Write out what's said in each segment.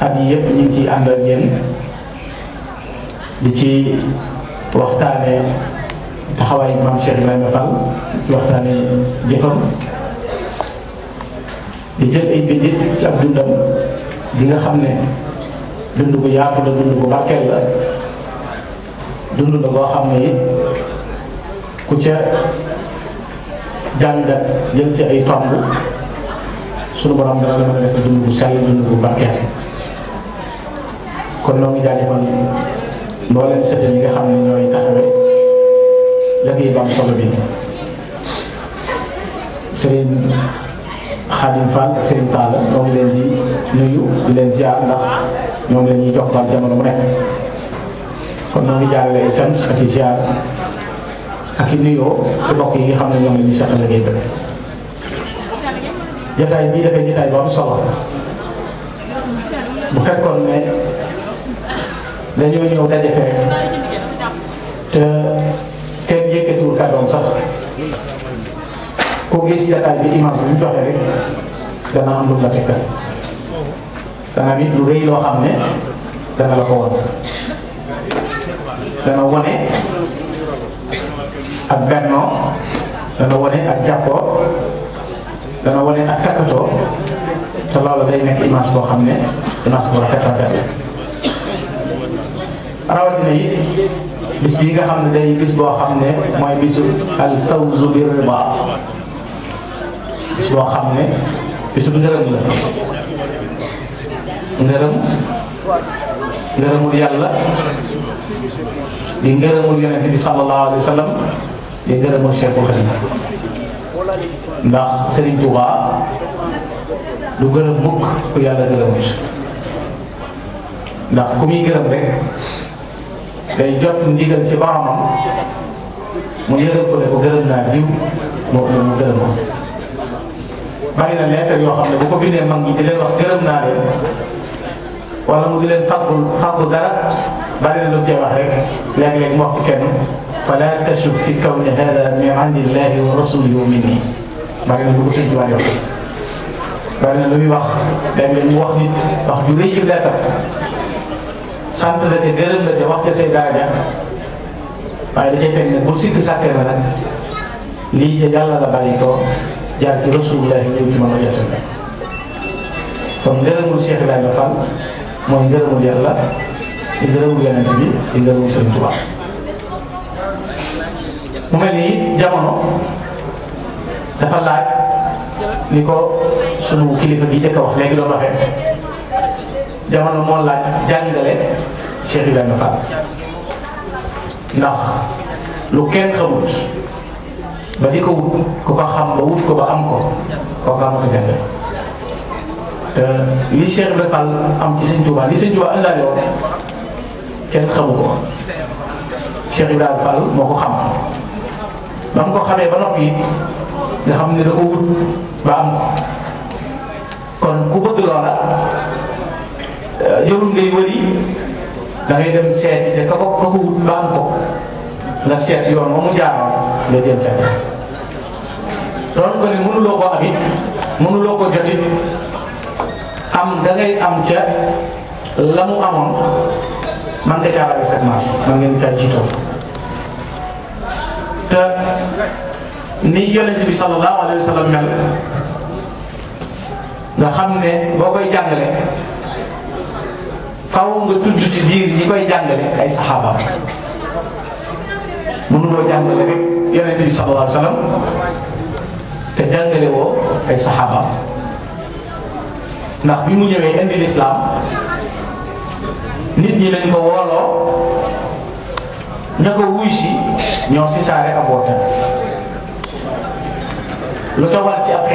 at yi yëpp ñu ngi ciy ànd ak yéen di ci waxtaane taxawaay maam Cheikh Ibrahima Fall di waxtaane jëfam di jël ay bindit ci ab dundam di nga xam ne dund bu yaatu la dund bu barkeel la dund la boo xam ne ku ca jàngat jël ci ay tomb borom la mën dund bu sell dund bu kon noo ngi jaajëfal mbooleem sëtam yi nga xam ne ñooy taxawee liggéey bu am solo bi sëriñ Xaadim Fall ak sëriñ Talla ñoo leen di nuyu di leen ziar ndax ñoom la ñuy jox daal jamono mu nekk kon noo ngi jaarale itam ak ziar ak i ci mbokk yi nga xam ne ñoom saxal liggéey bi jotaay bii dafay jotaay bu am solo bu dañoo ñëw daje fekk te kenn yëkkatiwul kàddoom sax ku gis jataay bi image bi ñu joxe rek dana lu la tekkal dana am it lu rëy xam ne dana la ko won dana wone ak bennoo dana wone ak jàppoo dana wone ak takkatoo te loolu day nekk image boo xam ne image bu rafet rafet la rawatina yi bis bii nga xam ne day bis boo xam ne mooy bisu al fawzu bi rida bis boo xam ne bisu ngërëm la ngërëm ngërëmul yàlla di ngërëmul yonent bi sallallahu alayhi wa sallam di ngërëmul Cheikhul Khadim ndax Serigne Touba du gërëm mukk ku yàlla gërëmut ndax ku muy gërëm rek day jot ndigal ci boromam mu yëgal ko ne ko gërëm naa diw moo ko mu gërëm ko bari na lettre yoo xam ne bu ko bindee mag ñi di leen wax gërëm naa leen wala mu di leen fàggul fàggul dara bari na lu koy wax rek léeg-léeg mu wax ci kenn fala tashuk fi kawni hada min indillahi wa rasuli wa minni bari na lu ko sëñ bi bari na lu muy wax léeg-léeg mu wax nit wax ju rëy ci lettre sant la ca gërëm la ca wax ca say daraja waaye dañuy teg ne bu sikk sàkkee na nag lii ca yàlla la bàyyi ko jaar ci rasulullahi ñëw ci mën a jotal kon ngërëmul Cheikh Ibrahima Fall mooy ngërëmul yàlla di ngërëmul yonent bi di ngërëmul Sëriñ Tuubaa mu mel ni jamono dafa laaj ni sunu kilifa gi jëkk a wax léegi doon waxee jamono moo laaj jàngale Cheikh Ibrahima Fall ndax lu kenn xamut ba di ko wut ku ko xam ba wut ko ba am ko koo ko amatu jàng am ci kenn xamu ko Cheikh Ibrahima Fall moo ko xam ba mu ko xamee ba noppi nga xam ne da ko wut ba am ko kon ku bëgg loola jërul ngay wëri da ngay dem seeti te ka ko ka ko wut ba am ko nga seet yoon ba mu jaaroon nga jëm teg doon ko ni mënuloo ko am it mënuloo ko jotit am da am ca la mu amoon man nga jaarale sa maas man ngeen di jiitoo te ni yonent bi sallallahu alayhi wa mel nga xam ne boo koy jàngale faaw nga tudd ci biir ñi koy jàngale ay saxaaba mënuloo jàngale rek yonent bi sallallahu alayhi wasallam te jàngale woo ay saxaaba ndax bi mu ñëwee indi lislaam nit ñi dañ ko wooloo ña ko wuy si ñoo fisaare ak wootam lu ca ci ab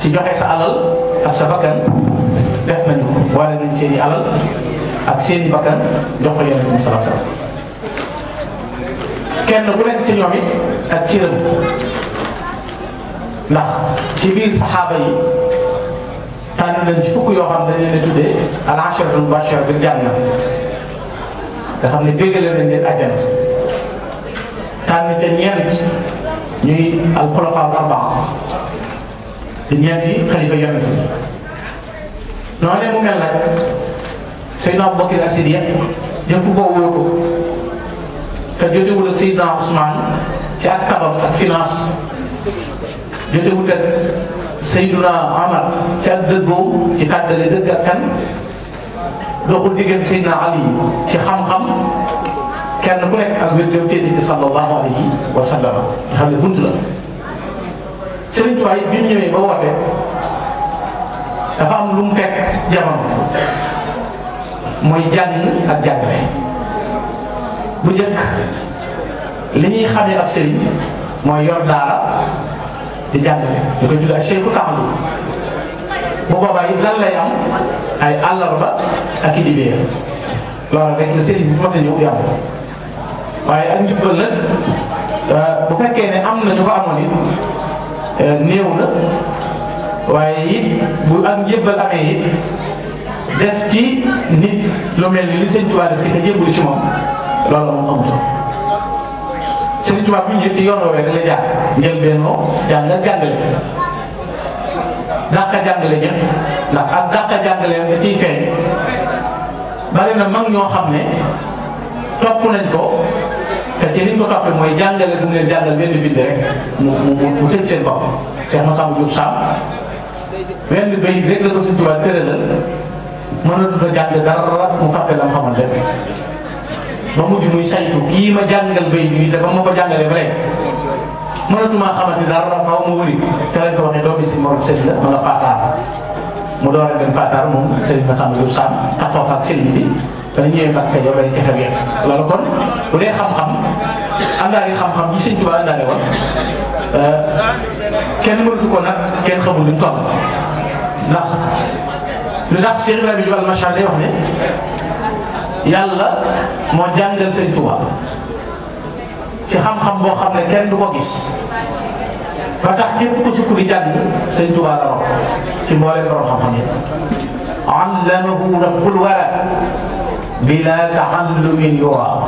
ci joxe sa alal أسبكن دفن منه وارد من سيدي علل أتسيدي بكن دخل يوم من سلام سلام كان نقول أن سيدي أكيرم لا تبين صحابي كانوا نشفوك يوهم دنيا نتودي العشر المباشر بالجنة لأنهم يدخلون من الأجنة كانوا نتنيرت ني الخلفاء الأربعة di ñeenti xalifa yonent noonu mu mel nag Seydina Abubakar Asidiya ñëpp ko wóotu te jotewul ak Seydina Ousmane ci ak tabam ak finance jotewul ak Seydina Amar ci ak dëggoo ci kàddale dëgg ak kan doxul diggante Ali ci xam-xam kenn ku nekk ak wér-gu-wér ci sallallahu alayhi wa sallam nga xam ne la Sëriñ Tuubaa bi mu ñëwee ba woote dafa am lu mu fekk jamono mooy jàng ak jàngale bu njëkk li ñuy xamee ab sëriñ mooy yor daara di jàngale ñu koy tuddee ay sëriñ ku taxalu bu boobaa it lan lay am ay àllarba ak i dibéer loolu rek la sëriñ bi mos a ñëw yàlla waaye ak bu fekkee ne am na ñu ko amoon Eh, néew la waaye it bu ak njëbbal amee it def ci nit lu mel ni li Sëñ Tuubaa def ci nga jébbalu ci moom loolu moom amutoon Sëñ Tuubaa bu ñëwee ci yoon la jaar njël bennoo jàngal jàngale dàqa jàngale ñëpp ndax ak dàqa jàngaleem da ciy feeñ bari na mag ñoo xam ne topp nañ ko te ni ko toppee mooy jàngale bu leen jàngal benn bind rek mu mu mu tëj seen bopp Cheikh Massamba Diouf Sam benn bay rek la ko suñ tubaab tëralal mënatut a jàng dara mu fàtte la mu xamal lépp ba mujj muy saytu kii ma jàngal bay bi te ba ma ko jàngalee ba léegi mënatuma dara faaw ma wëri te lañ ko waxee doomi si moom sëñ la ma nga mu door a dem paataar moom sëñ Diouf Sam taxaw fa ak sëñ dana ñëwee Mbàkke Kajoor dañ ca xewee loolu kon bu dee xam-xam àndaale xam-xam yi Sëñ Tuubaa àndaale woon euh, kenn mënatu ko nag kenn xamul lu mu toll ndax lu tax Cheikh Ibrahima Diouf al yàlla moo jàngal Sëñ Tuubaa xam-xam boo xam ne kenn du ko gis tax képp ku sukk di jàng Sëñ Tuubaa la rob ci mbooleem borom xam-xam yi allamahu rabbul wara bila tahallumin yura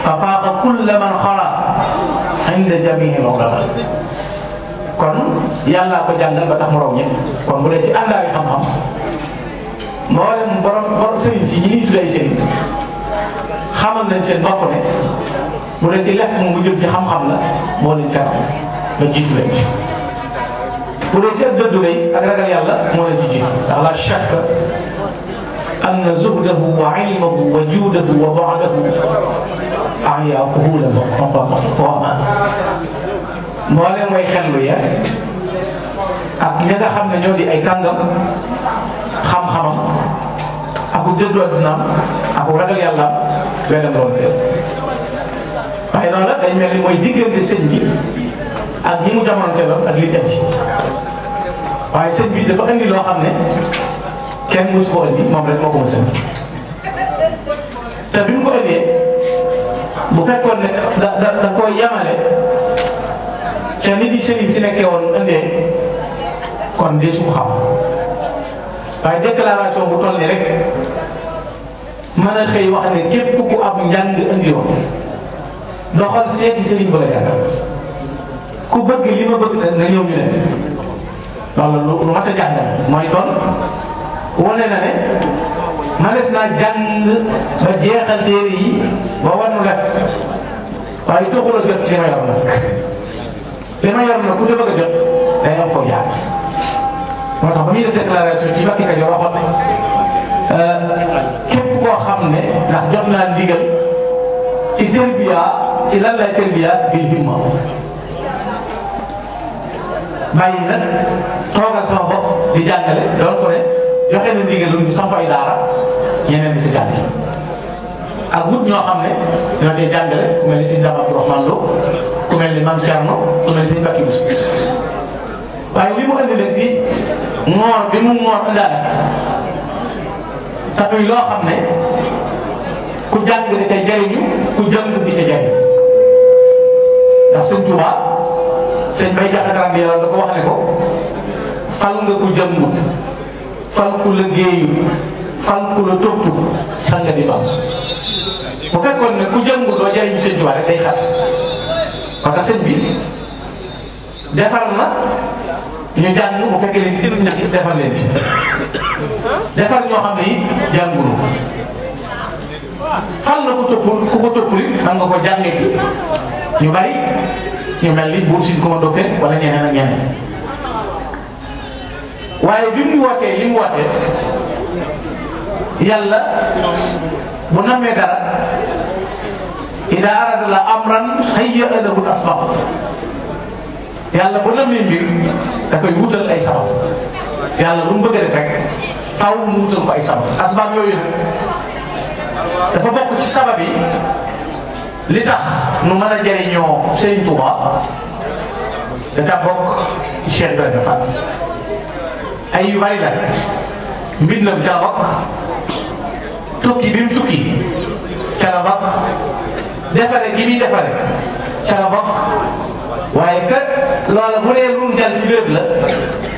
fa faaqa kulla man xala inda jamihi ulama kon yàllaa tax mu raw kon bu dee ci xam-xam mboolem borom borom sëriñ si ñi tuddee sëriñ xamal nañ seen bopp ne bu dee ci lef moom bu jëm ci xam أن زهده وعلمه وجوده وبعده أحيا قبوله فقط فاما mboolem mooy xellu ya ak ña nga xam ne ñoo di ay kàngam xam-xamam aku dëddu àddinaam aku ragal yàlla weeram loolu de waaye noonu la day mel ni mooy diggante sëñ ak mu jamono teeloon ak li jati waaye sëñ bi dafa indi loo xam ne kenn mësu ko indi moom rek moo ko mos te bi mu ko indee bu fekkoon ne da da da koy yamale te nit yi sëriñ si nekkee woon indee kon dee su ko xam waaye déclaration bu toll nii rek mën a xëy wax ne képp ku ab njàng indi woon doxal seeti sëriñ bëgg li ma bëgg nag nga ñëw ñu ne loolu lu lu mat a jàngal mooy doon. wane na ne manes naa jàng ba jeexal téere yi ba war nu lef waaye taxul a jot ci li ma yor nag li ma yor nag ku ci bëgg a jot day am koo jaar moo tax ba muy def déclaration ci Mbàkke Kajoor waxoon euh, képp koo xam ne ndax jot naa ndigal ci tërbiya ci lan lay tërbiya bil himma bàyyi nag toogal sama bopp di jàngale doon ko ne joxe na ndigal ñu sampay daara yeneen di ci jàng ak wut ñoo xam ne dina cee jàngale ku mel ni sëñ Dame Abdourahmane Lo ku mel ni Mam Thierno ku mel ni sëñ Mbacke Bousso waaye li mu andi nag di ngoor bi mu ngoor andaale te muy loo xam ne ku jàng di ca jariñu ku jàng di ca jariñu ndax sëñ Touba sëñ Bay Jaxate Ram yàlla da ko wax ne ko fal nga ku jëngu fal ku liggéey fal ku la topp sanga bi bam bu fekkoon ne ku jëngu doo jëriñu sëñ Tuubaa rek day xat parce que sëñ bi defar na ñu jàng bu fekkee ne si ñàkk defar leen ci defar ñoo xam ne it jàngulu fal na ku toppul ku ko toppul it man ko jàngee ci ñu bari ñu mel ni buur si ko ma doppee wala ñeneen ak waaye bi mu wootee li mu wootee yàlla bu namee dara ida arada la amran hayya lahu asbab yàlla bu namee mbir da koy wutal ay sabab yàlla lu mu bëgg a def ay sabab yooyu dafa bokk ci sabab li tax nu mën a jëriñoo Sëriñ Tuuba da ca bokk ci Cheikh Ibrahima ay yu bari la ca la bokk tukki bi tukki ca la bokk defare gi muy defare ca la bokk waaye que loola bu dee lu mu jàll ci la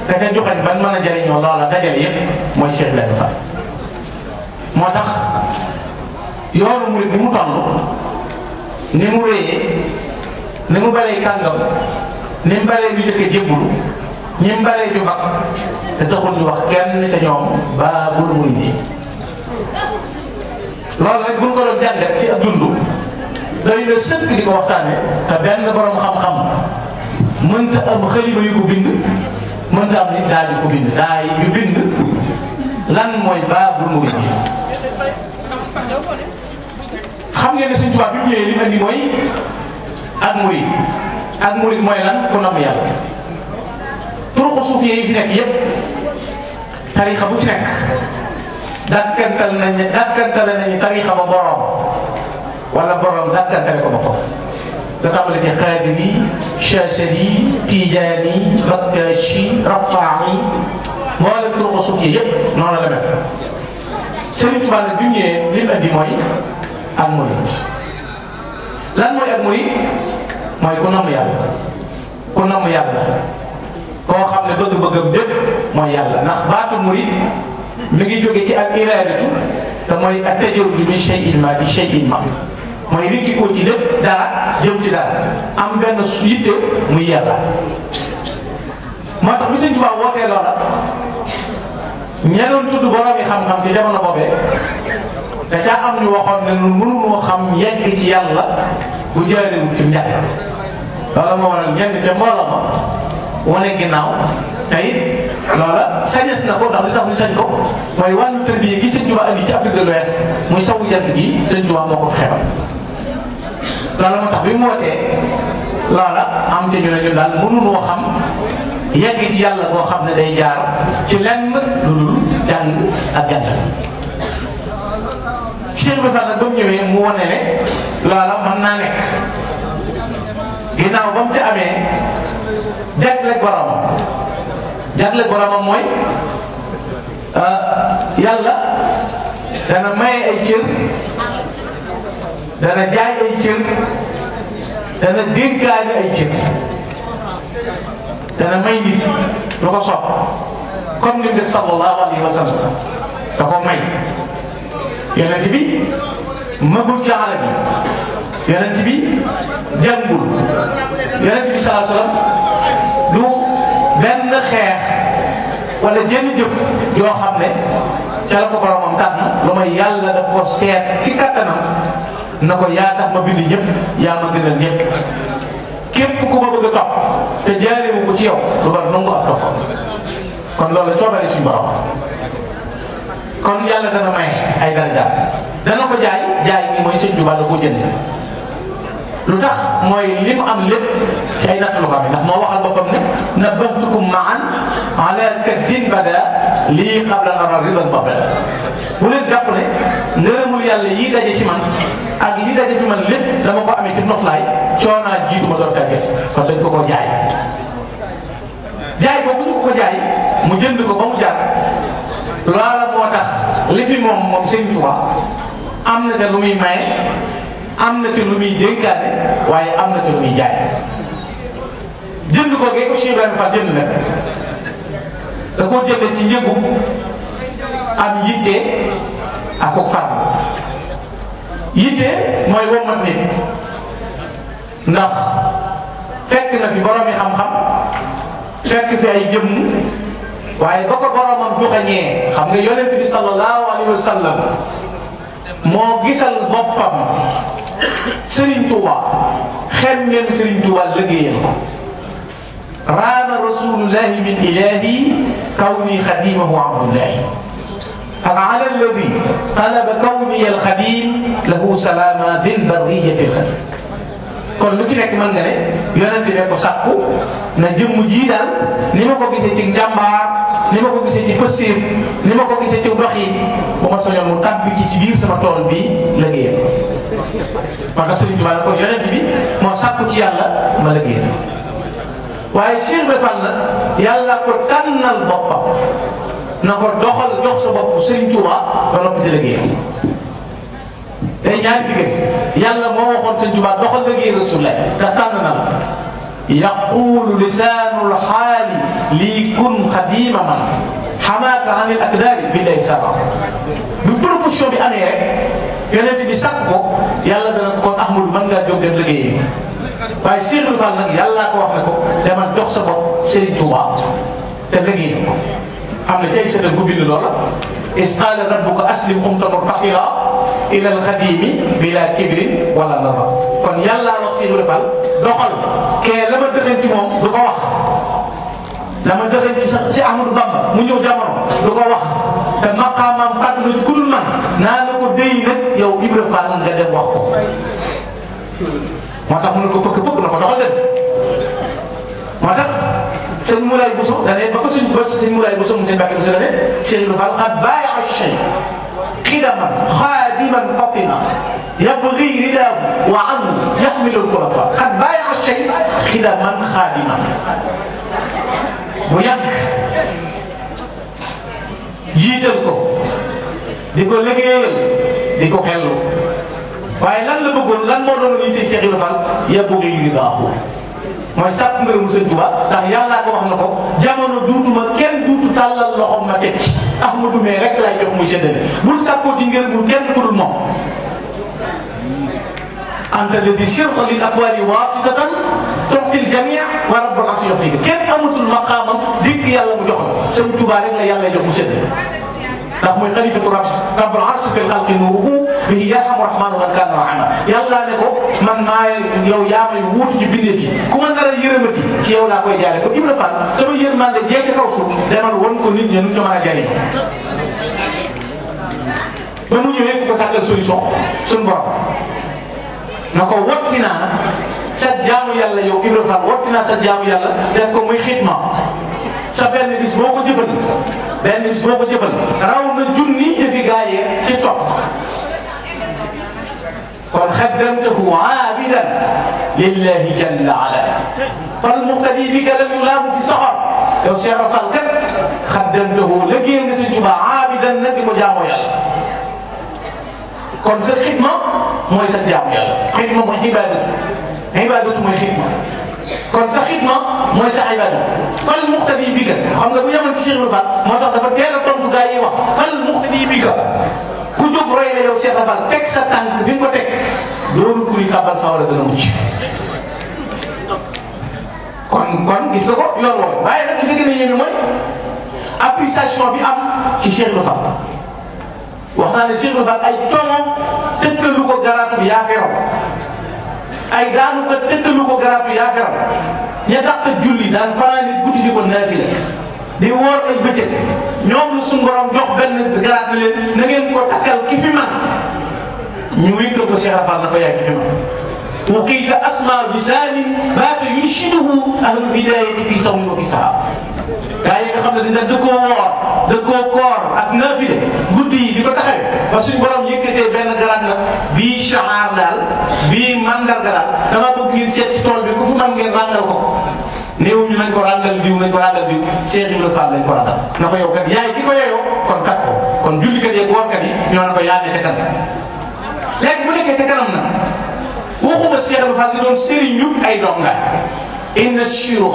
ka ca joxañ ban mën jariñoo jëriñoo loola dajale yëpp mooy Cheikh Ibrahima moo tax yoonu murid mu toll ni mu réyee ni mu baree kàngam ni mu baree ñu jëkk a jébbulu ni mu baree ñu te taxul ñu wax kenn baab ñoom baabul muridi loolu rek bu ñu ko doon jàngat ci ak dund doy na sëkk di ko waxtaane te benn borom xam-xam mënta am xalima yu ko bind mënta am nit daal yu ko bind saa yu bind lan mooy baabul muridi xam ngeen ne suñ tubaab bi ñëwee li mel ni mooy ak murid ak mooy lan ku nam yàlla طرق صوفيه فيك يب تاريخ بوتنك ذكرت لنا ذكرت لنا تاريخ بابا ولا برام ذكرت لك بابا لقبلة قادمي شاشدي تيجاني غكاشي رفاعي مالك طرق صوفيه يب لا لما سنتو بعد الدنيا لما دي موي لان موي ارموني ما يكون نمو يالا كون نمو يالا koo xam ne bëgg-bëggam bépp mooy yàlla ndax baatu murid mi ngi jóge ci al iradatu te mooy ak tajawudu min shay'in ma bi shay'in ma mooy rikki ko ci lépp dara jëm ci dara am benn yitte muy yàlla moo tax bi Sëñ Tuubaa wootee loola ña doon tudd borom yi xam-xam ci jamono boobee da caa am ñu waxoon ne ñun mënuñoo xam yegg ci yàlla bu jaarewul ci njàng loolu moo waral ñenn ca mbooloo ma wane ginnaaw te it loola sañes na ko ndax li tax ñu sañ ko mooy wàllu tërbiye gi sëñ Tuubaa andi ci Afrique de l'Ouest muy sawu jant gi sëñ Tuubaa moo ko fi xebal loola moo tax bi mu wootee loola am te ñu ne ñun daal mënuñoo xam yegg ci yàlla boo xam ne day jaar ci lenn lu dul jàng ak gàntal Cheikh Ibrahima Fall nag ba mu ñëwee mu wane ne loola mën naa nekk ginnaaw ba mu ci amee jagleeg boromam jagleeg boromam mooy euh, yàlla dana may ay cër dana jaay ay cër dana dénkaane ay cër dana may nit lu ko sopp comme ni mu def sallallahu alayhi wa sallam da ko may yonent bi magul ci xale bi yonent bi jàngul yonent bi saa salaam du benn xeex wala jënn jëf yoo xam ne ca la ko boromam tànn lu may yàlla daf ko seet ci kattanam na ko yaa tax ma bind ñëpp yaa ma lu war nangu ak topp kon loolu yàlla may ay daraja dana ko jaay jaay gi mooy sëñ Tuubaa da ko jënd. lu tax mooy li am lépp ci ay natt lu ko amee ndax moo waxal boppam ne nabbahtukum maan ala kaddin bada lii qabla al-arar ridan batil bu leen jàpp ne ngërëmul yàlla yii daje ci man ak yii daje ci man lépp dama ko amee ci noflaay coonaa jiitu ma doon tàgge kon dañ ko jaay jaay boobu ñu ko ko jaay mu jënd ko ba mu jaar loola moo tax li fi moom moom Sëriñ Tuubaa am na te lu muy maye am na ci lu muy dénkaane waaye am na ci lu muy jaay jënd ko gee ko Cheikh Ibrahima jënd nag da koo jële ci njëgu am yitte ak ko farlu yitte mooy wommat nit ndax fekk na fi borom yi xam-xam fekk fi ay jëmm waaye ba ko boromam joxeñee xam nga yonent bi sallallahu alayhi wa sallam moo gisal boppam serigne touba xel men توا touba liggeyal رسول الله rasulullah min ilahi kawni khadimahu abdullah فعلى الذي طلب كوني الخديم له سلامة ذي البرية الخديم كل شيء لك من غيره يونت لك سقو نجم جيدا نما كو كيسي تي جمبار نما كو كيسي تي بسير نما كو كيسي تي بخين وما سوى يوم تبكي سبير سما بي لغير moo tax Sëriñ Tuubaa kon yonent bi moo sàkku ci yàlla ma liggéeyal waaye Cheikh Ibra Fall la yàlla ko tànnal boppam na ko doxal jox sa bopp Sëriñ Tuubaa ba noppi di liggéeyal tey ñaari diggante yàlla moo waxoon Sëriñ Tuubaa doxal liggéey Rasulullah te tànn na la yaqulu lisaanul xaali lii kun xadiima man xamaaka anil akdaari bi day sabab bi promotion bi amee rek yonent bi sàkk ko yàlla dana amul mën ngaa jóg dem liggéeyi waaye Cheikh Ibra Fall nag yàlla ko wax ne ko demal jox sa bopp Serigne Touba te liggéey ko xam ne cay seetal ku bind loola is qaala rabbuka aslim umtan murtaxiya ila alxadimi bila kibrin wala nazar kon yàlla wax Cheikh Ibra Fall doxal kee la ma dëxan ci moom du ko wax dama joxe ci sax ci ahmadou bamba mu ñëw jamono du ko wax te maqaamam fadlu kul man naa la ko déy rek yow ibra fall nga dem wax ko moo tax mu ne ko pëkk pëkk na ko doxal dem moo tax sëñ Moulay Bousso da ne ba ko suñ ba sëñ Moulay Bousso mu sëñ Bakar Bousso da ne Cheikh Ibra Fall qad baya shay qidaman khadiman fatima يبغي رداه وعنه يحمل الكرفة قد بايع الشيء خدما خادما bu yàgg jiital ko di ko liggéeyal di ko xellu waaye lan la bëggoon lan moo doon liy teg Cheikh Ibrahima Fall yàggu nga yuri baaxu mooy sàpp ngërëmu Sëñ Tuubaa ndax yàllaa ko wax na ko jamono duutuma kenn duutu tàllal loxoom ma teg Ahmadu mee rek lay jox muy séddale bul sàppoo ci ngërëmul kenn ku moom. anta alladi sirta lil aqwaali waasitatan tuxti ljamia wa rabbul arsi yuxtiik kenn amatul maqaamam dikk yàlla mu jox la sëñ Tuubaa rek la yàlla jox mu sedd ndax mooy xalifatu rabbul arsi fil xalqi nuuruhu bihi yarhamu rahmaanu man kaana rahiiman yàlla ne ko man maa yow yaa may wuutu ci bindee ci ku ma nar a yërëmati ci yow laa koy jaare ko Ibra Fall sama yërmande jee ca kaw suuf demal won ko nit ñi nu ñu ko mën a jariñ ba mu ñëwee ku ko sàkkal solution suñu borom نكو واتنا سجامو يالا يو ابرفال واتنا سجامو يالا دافكو موي خدمة سبن بيس موكو جبل بن بيس موكو جبل راو نا جوني جيفي غاي سي توك قال خدمته عابدا لله جل وعلا فالمقتدي بك لم يلام في سفر يو سي رفال كان خدمته لكي نسجم عابدا نجم جامو يالا كون سي خدمه موي سدي عم يلا خدمة مو عبادته عبادته مو خدمة كون سا خدمة موي سا عبادة فالمقتدي بك خم لك ويا من تشيغ مفاد ما تعطى فكيرا طول فضائي وقت فالمقتدي بك كتب رأينا يو سيارة فال تك ستان بين ما تك دور كوي كابل سورة دنوج كون كون اسمه يو روي باي رك زيكي نيجي نمي أبي ساشوا بي أم كشيغ مفاد wax naa ne Cheikh Fall ay coono tëkkalu ko garaatu yaa feral ay daanu ko tëkkalu ko garaatu yaa feral ña dàq julli daan fanaan nit guddi di ko naafila di woor ay bëccëg ñoom suñu borom jox benn garaat na leen na ko takkal ki ñu wékk ko Cheikh Fall na ko yaay ki وقيل أسمى بسان مات a أهل البداية في صوم وفي سهر gaa yi nga xam ne dina dëkkoo woor dëkkoo koor ak naafile guddi di ko taxawee ba suñ borom yëkkatee a garab la bii shaar daal bii mandarga daal damaa bëgg ngeen seet ci tool bi ku fu xam ngeen ràngal ko néew ñu nañ ko ko ràngal diw Seex Ibra Faal lañ ko ràngal na ko yow yaay ki ko yeyoo kon kat ko kon jullikat yeeg woorkat yi ñoo na ko yaa ne te kat léegi bu nekkee te kanam na na Cheikh Ibra Fall di doon sëriñu ay donga inna shuyuux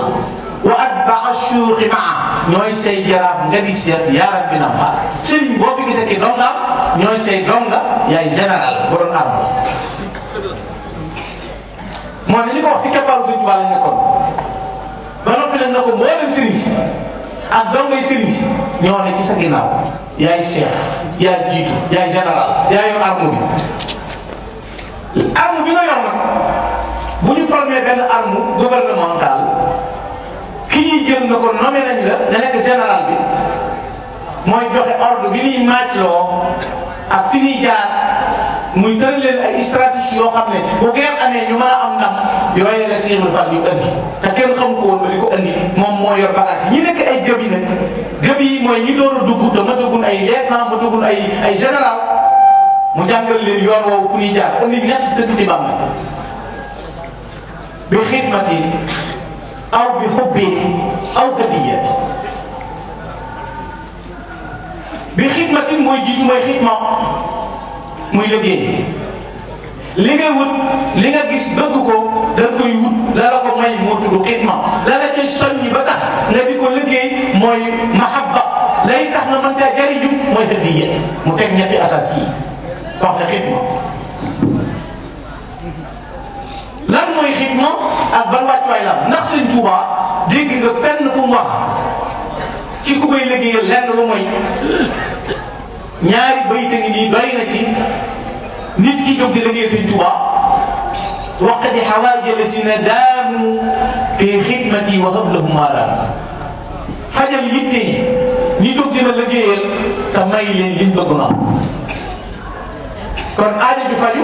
wa atbaa shuyuuxi maa ñooy say jaraaf nga di seet yaaram bi nam xaal sëriñ boo fi gisee ki donga ñooy say donga yaay général borom arme moo ne ñu ko wax ci keppaaru Sëriñ Tuubaa lañ nekkoon ba noppi nag na ko mboolem sëriñ si ak dongay sëriñ si ñoo ne ci sa ginnaaw yaay chef yaay jiitu yaay général yaay yor arme bi arme bi nga yor nag bu ñu formé benn arme gouvernementale ki ñuy jël na ko nommé nañ la da nekk général bi mooy joxe ordre bi ñuy màccloo ak fi ñuy jaar muy tëral leen ay stratégie yoo xam ne bu geen amee ñu mën a am ndax yooyee la Cheikhul Fall yu andi te kenn xamu ko woon ba di ko andi moom moo yor bagage yi ñi nekk ay gëb yi nag gëb yi mooy ñi door a dugg te ma tëggun ay lieutenant ma tëggun ay ay général mu jàngal leen yoon woowu ku ñuy jaar indi ñett ci dëkk bi xidmati aw bi xubbi aw hadiya bi xidmati mooy xidma muy liggéey li ngay li nga gis bëgg ko da la la ko may moo tudd xidma la la koy soññi ba tax nga di ko liggéey mooy mahabba lay tax na mën caa jariñu mooy hadiya mu teg ñetti asas wax la xidma lan mooy xidma ak ban wàccuwaay la ndax sëñ Tuubaa dégg fu mu wax ci ku koy liggéeyal lenn lu mooy ñaari bayta ngi nii doy na ci nit ki jóg di liggéeyal sëñ Tuubaa waqt di xawaarij lazina daamu fi xidmati wa hablahum maala fajal yitte yi ñu jóg dina liggéeyal te may leen liñ bëgg na kon aajo ju faju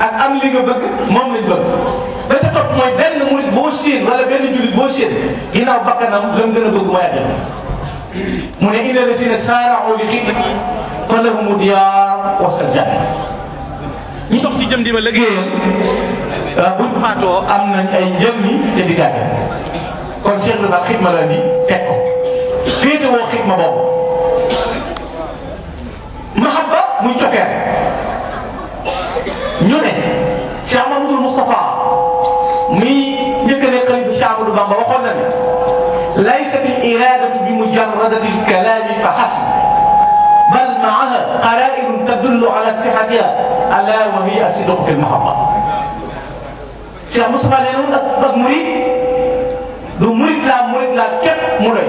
ak am li nga bëgg moom lañ bëgg ba ca topp mooy benn murit boo séen wala benn jullit boo séen ginnaaw bakkanam lam gën a bëgg mooy àjjana mu ne inna lazina saara'u li xidmati fa lahumu diyaar wa sajjana ñu dox ci jëm di ma liggéeyal buñ faatoo am nañ ay njëlmi te di gàdde kon Cheikh Ibrahima xidma la ni teg ko féete woo xidma boobu mahabba muy cofeel ñu ne Cheikh Mamadou Moustapha mi njëkk a ne xalifa Cheikh Amadou Bamba waxoon na ne laysat al iradatu bi mujarradati al kalami fa hasb bal maaha qara'in tadullu ala sihatiha ala wa hiya as-sidq fi al mahabba Cheikh Moustapha nee na ak ak murid du murid laa murid laa képp mu doy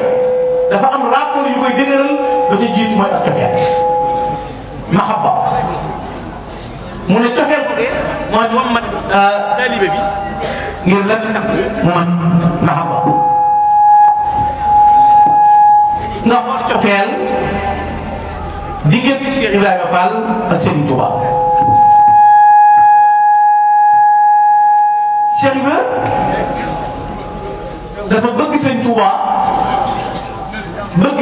dafa am rapport yu koy dëgëral da ca jiitu mooy ak tafeet mahabba mu ne coxéel ko de mooy mu am mat euh, taalibe bi ngir lan sant mu mat maxaba nga xool coxéel diggante bëgg Serigne Touba bëgg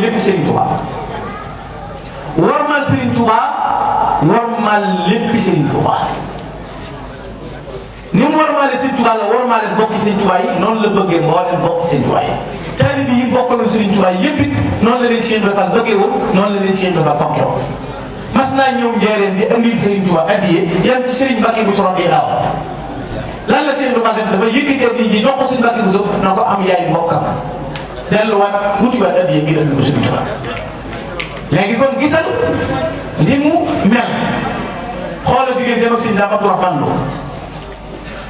lépp Serigne Touba warmal Serigne Touba warmal lépp Serigne Touba ni mu warmaale Serigne Touba la warmaale bokk Serigne Touba yi noonu la bëggee mboolem bokk Serigne Touba yi. taalibe la bëggee woon la leen Serigne Touba fonkee woon naa ñëw njëriñ bi indi Serigne Touba yi daaw lan la Serigne Touba def dafa yëkkatee nit ñi jox ko Serigne Mbacke bu Sorom na ko am yaay mbokkam léegi kon gisal ni mu mel xoolal digganteem ak sëñ Abdou Rahmane Lo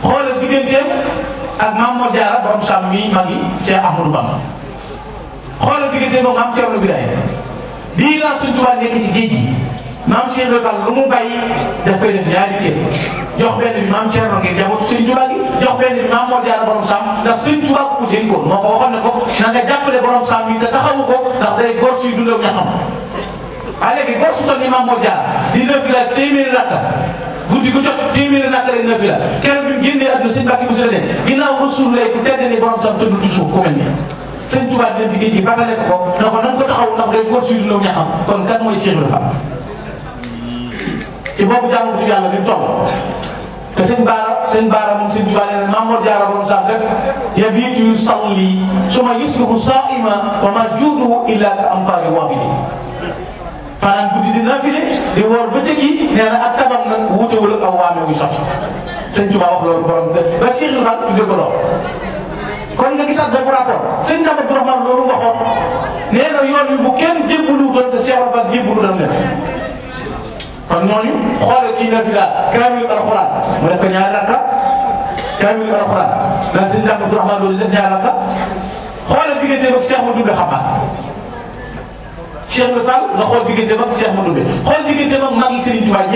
xoolal digganteem ak Maam Mor Jaara borom sàmm mi magi Cheikh Ahmadou Bamba xoolal digganteem ak Maam Thierno Birahim dii naa suñ tubaab nekk ci géej gi maam Cheikh Ibrahima lu mu bàyyi daf koy ñaari cër jox benn bi maam Thierno ngir njabootu sëñ tubaab gi jox benn bi maam Mor Jaara borom sàmm ndax sëñ tubaab ko dénkoon moo ko waxoon ne ko na nga jàppale borom sàmm yi te taxawu ko ndax day góor suy dundam ñaxam ah léegi boo si toll imaam moo jaar di nafila téeméeri rakka guddi gu jot téeméeri rakka lay nafila keroog bi mu génnee àdduna sëñ Mbàkke Bousso ne ginnaaw Rasuul lay ku tedd ni borom sam tëdd toujours ku mel ni sëñ Tuubaa di leen liggéey ji bàttale ko ko na ko nan ko taxaw ndax day góor suy law ñaxam kon kan mooy Cheikh Ibrahima ci boobu jàmm du yàlla bi mu toll te sëñ Baara sëñ Baara moom sëñ Tuubaa nee na Maam Mor Jaara borom sax rek yabiitu yusalli summa yusbihu saa'iman wa maa juuduhu illaa ka amtaari waabili maanaam guddi di nafile di woor bëccëg yi nee na ak tabam nag wutewul ak aw waame wu sotti sëñ Tuba wax loolu borom ba Cheikh Ibrahima tuddee ko lool kon nga gisaat boobu rapport sëñ Ndaw Abdourahmane loolu waxoon nee na yoon wi bu kenn jébbalu doon te Cheikh Ibrahima jébbalu doon ne kon ñooñu xoolal kii nafila kaamil alxuraan mu def ko ñaari rakka kaamil alxuraan ndax sëñ Ndaw Abdourahmane loolu def ñaari rakka xoolal diggante ak Cheikh Moudou Cheikh Ibra Fall nga xool diggante mag Cheikh Madou Bé mag mag yi Serigne Touba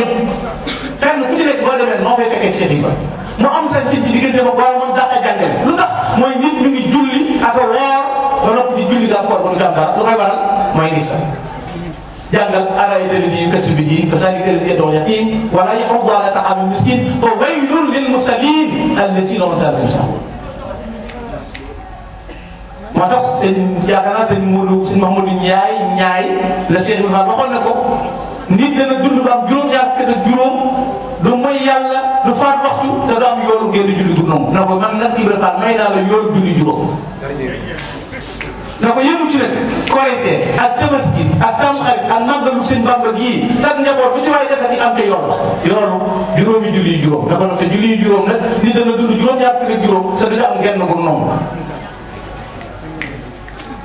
fenn ku ci nekk boo demee noo fay fekkee Cheikh Ibra mu am seen sin ci diggante mag waaye moom daa ko jàngale lu tax mooy nit mi ngi julli ak a woor ba noppi ci julli daa koor mënu jàm dara lu koy waral mooy gis jàngal aray tëri di kasu bi di kasali tëri si doon yatim wala yaxuddu ala taami miskin fa waylun lil musallin allasina hum salatihim sahun moo tax sëñ yaakaar naa sëñ Modou sëñ Mamadou Njaay ñaay la Cheikh Ibrahima Fall waxoon na ko nit dana dund ba am juróom-ñaar fukk ak juróom du may yàlla du faat waxtu te du am yoolu ngeen di julli juróom na ko man nag Ibrahima Fall may naa la yoolu julli juróom na ko yëngu ci rek korite ak tabaski ak tamxarit ak màggalu sëñ Bàmba gii sax njaboot bu ci waay defati am te yoon la yoonu juróomi julli juróom na ko nag te julli juróom nag nit dana dund juróom-ñaar fukk ak juróom te du am genn gu noonu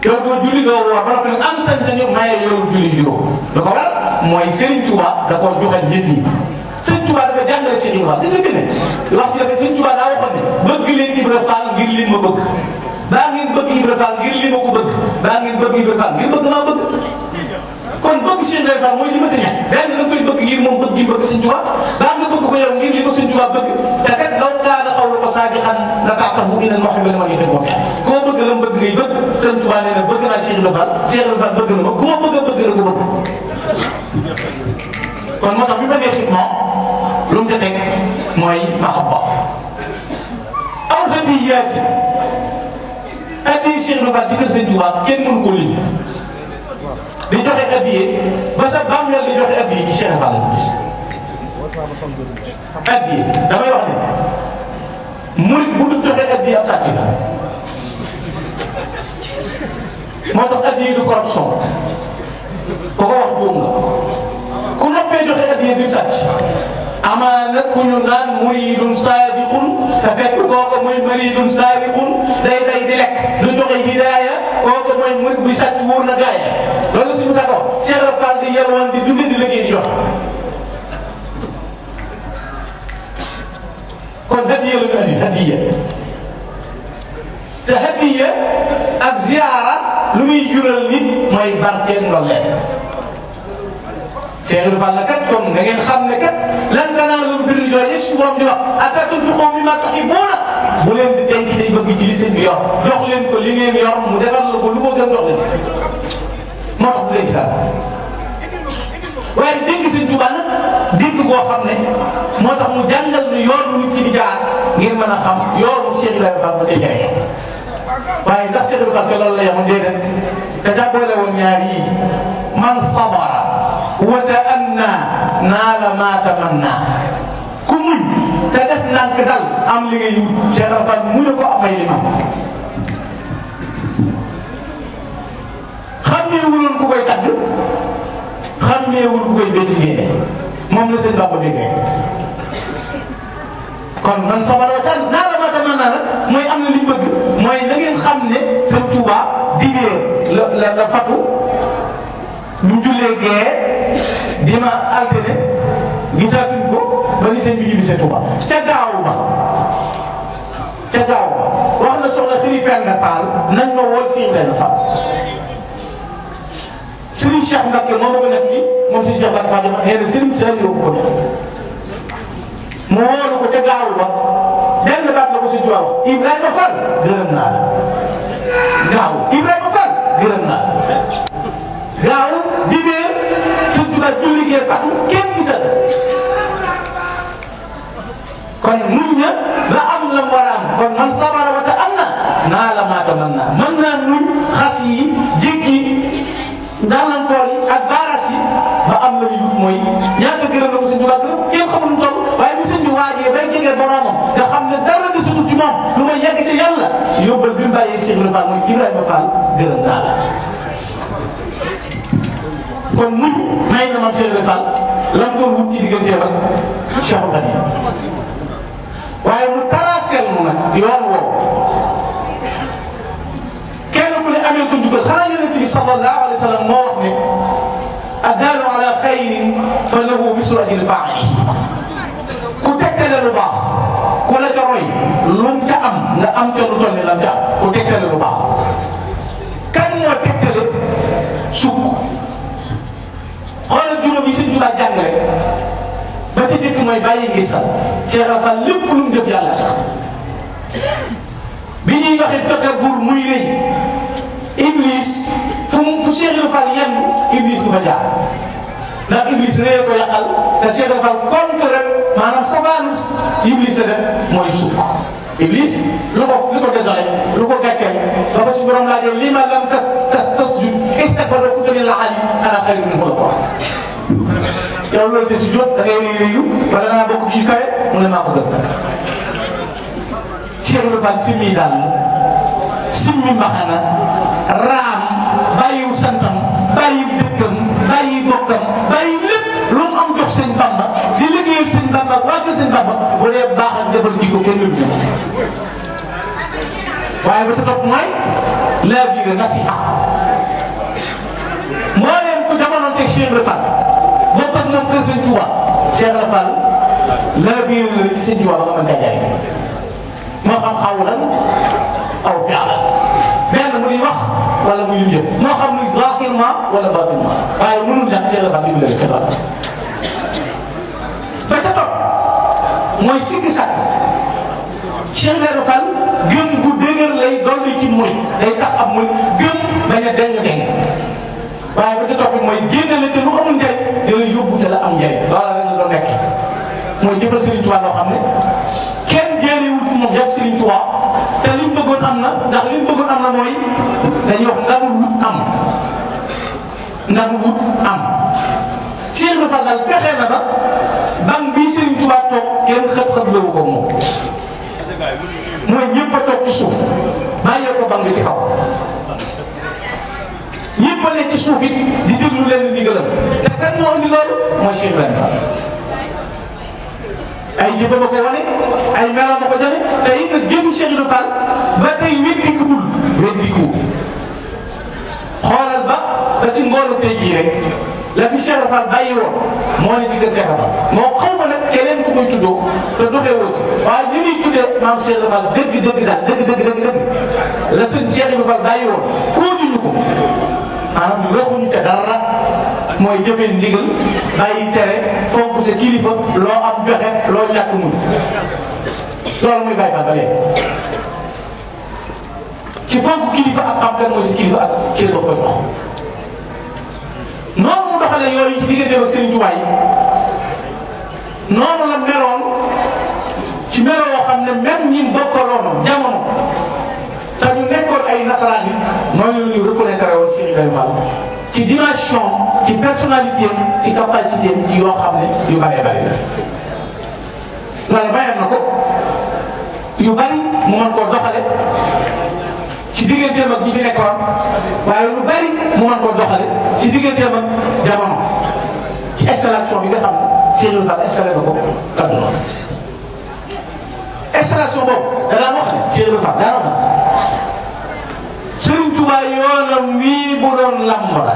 yow doo julli doo woor ba noppi am sañ-sañu maye yow julli di ko da ko war mooy Serigne Touba da koo joxe nit ñi Serigne Touba dafa jàngale Cheikh Ibrahima gis nga fi ne wax dëgg Serigne Touba daa waxoon ne bëgg leen Ibra Fall ngir li ma bëgg baa li ma ko bëgg baa ngeen bëgg Ibra Fall ngir kon bëgg Cheikh Ibrahima Fall mooy li ma ta ñàkk benn da nga koy bëgg ngir moom bëgg gi bëgg Sëñ Tuubaa baa nga bëgg ko yow ngir li ko Sëñ Tuubaa bëgg te kat law kaana qawluka saadiqan la ta'tahu inna al-muhibba liman yuhibbu koo bëgg la bëgg ngay bëgg Sëñ Tuubaa nee na bëgg naa Cheikh Ibrahima Fall Cheikh Ibrahima Fall bëgg na ma ku ma bëgg a bëgg la nga bëgg kon moo tax bi ma nee xit moom lu mu ca teg mooy mahabba awfadiyaat yi addi Cheikh Ibrahima Fall ci kër Sëñ Tuubaa kenn mënu ko lim di joxe addiye ba sa bàmmeel di joxe addiye ci Cheikh Fall gis addiye damay wax ne murit bu du joxe addiye ab sàcc la moo tax addiye du corruption ku ko wax buum la ku noppee joxe du sàcc amaana ku ñu naan muridun saadiqun te fekk kooku muy muridun saadiqun day bay di lekk du joxe hidaaya kooku mooy murid buy sàcc wóor na gaaya loolu la suñu sakkoon Cheikh Rafal di yarwaan di di liggéey di jox. kon hadiya la ñu andi hadiya te hadiya ak lu muy jural nit mooy barkeel ndolleen. Seexul Fall kat kon da ngeen xam ne kat lan tanaalul birra jooju yëpp su borom di wax hatta tunfiqu mimmaa tuhibbuuna bu leen di denc day bëgg ci li seen yor jox leen ko li ngeen yor mu defar la ko lu ko gën jox leen moo tax bu leen ci dara waaye dégg sëñ Tuubaa nag dégg koo xam ne moo tax mu jàngal nu yoonu nit ci di jaar ngir mën a xam yoonu Cheikh Ibrahima Fall ba ca jaay waaye ndax Cheikh Ibrahima Fall loolu la yem déedéet. daca boole woon ñaar yii man sabara wa ta'anna naala maa tamanna ku muñ te def dal am li ngay wut Cheikh Alfan ko amay li am xàmmeewuloon ku koy tagg xàmmeewul ku koy kon man sabara wa ta'anna naala maa tamanna mooy am na li bëgg mooy na ngeen xam ne Touba dibéer la la la fatu bu ñu jullee gee dima altine gisaatuñ ko ba ni sëñ bi ñibbisee Touba ca gaawu ca gaawu wax na soxna Sëriñ Penda Fall nañ ma wool Sëriñ Penda Fall Sëriñ Cheikh Mbacke moom la ko nekk nii moom na Sëriñ Cheikh yow ko ca gaawu ba benn baat la ko si jox Ibrahima Fall gërëm naa la gaaw Ibrahima Fall gërëm naa gaaw di bee surtout nag ñu liggéey fatu kenn gisal kon muñ na la am la war a am kon man sabara wa ta'anna naa la maata mën naa mën naa muñ xas yi jéggi gàllankoor yi ak baara ba am la ñu yut mooy ñaata gërëm na ko sëñ Tuubaa gërëm kenn xamul mu toll waaye bi sëñ bi waajee bay jege boromam nga xam ne dara desatul ci moom lu may yegg ci yàlla yóbbal bi mu bàyyee Cheikh Ibrahima Fall mooy Ibrahima waaye mu taraseel mu nag yoon woowu kenn adal ala xayrin fa lahu mislu ajri faa'ili ku baax ku la ca roy lu mu am nga am ca lu toll la ca am ku tegtale lu baax kan moo tegtale sukk xoolal juróom yi Sëñ Tuubaa jàng rek ba ca jëkk mooy bàyyi ngi sa Cheikh Rafal lépp lu mu jëf yàlla tax bi ñuy waxee fekk buur muy rëy iblis fu cheikh ibra fall iblis du fa jaar iblis réew ko yàqal te Nasi ibra fall contre rek maanaam iblis def mau isuk. iblis lu ko lu ko désolé lu ko gàcceel sa ko suñu borom laajoon lii ma lam tas tas tas jub istakbara ku tamit la ali ana xayru min xulqa yow loolu te si jot da ngay réy réyu wala naa bokk ci kawe mu ne maa ko gëm cheikh ibra fall ram bàyyiwu santam bàyyi dëkkam bàyyi bokkam bàyyi lépp lu mu am jox sëñ bamba di liggéeyal sëñ bamba wàgg sëñ bamba bu dee baax ak defal jikko kenn lu ñu waaye ba ca topp mooy laa biir nasiha moo leen ku jamonoon teg Cheikh Rafal bopp ak Rafal ba nga xam xawlan aw fi'lan wala muy yëngu moo xam ni zahirement wala batinement waaye mënul ñàkk Cheikh Ibrahima bi mu leen xabaar ba ca topp mooy sikki sàkk Cheikh Ibrahima Fall gëm bu dëgër lay dolli ci muñ day tax ab muñ gëm bañ deng deng waaye ba ca topp mooy génne la ca lu amul njëriñ dina yóbbu te la am njëriñ loola rek la doon nekk mooy jëfal Serigne Touba loo xam ne. ñëpp si Touba te liñ bëggoon am na ndax liñ bëggoon am na mooy dañuy wax ndagul wut am ndagul wut am. Cheikh Ibra Fall daal fexe na ba banque bii Serigne Touba toog ko moom mooy ñëpp a toog ci ko banque ci kaw. ñëpp a nekk ci suuf it di déglu leen ndigalam te kan moo indi loolu mooy Cheikh Ibra ay jëfe ba ko wane ay meloon ba ko jëfe te it nag jëfu Cheikh Ibra Fall ba tey weddikuwul weddikuwul xoolal ba ba ci ngoonu tey jii rek la fi moo ne moo xaw ma ku koy tuddoo te doxee woo ci waaye ñu ngi tuddee maam Cheikh Ibra Fall dëgg dëgg daal dëgg dëgg dëgg dëgg la seen Cheikh Ibra Fall bàyyi woon kóotuñu ko maanaam waxuñu ca dara mooy jëfee ndigal tere sa kilifa loo am joxe loo ñàkk muñ loolu muy Baay Faal ba léegi ci fonk kilifa ak xam-xam mooy sa kilifa ak cër ba koy dox noonu mu noonu la meloon ci meloo yoo xam ne même ñi bokkaloon jamono te ñu nekkoon ay nasaraan yi noonu la ñuy reconnaître woon Cheikh ci dimension ci personnalité ci capacité ci yoo xam ne yu bëree bëri la loolu mayoon na ko yu bëri mu mën koo doxale ci digganteem ak ñi fi nekkoon waaye lu bëri mu mën koo doxale ci digganteem ak jamono ci installation bi nga xam ne Serigne Loupane installé na ko kaddu na installation boobu da daan wax ne Serigne Loupane daan wax ne Touba yoonam wii bu doon lamb la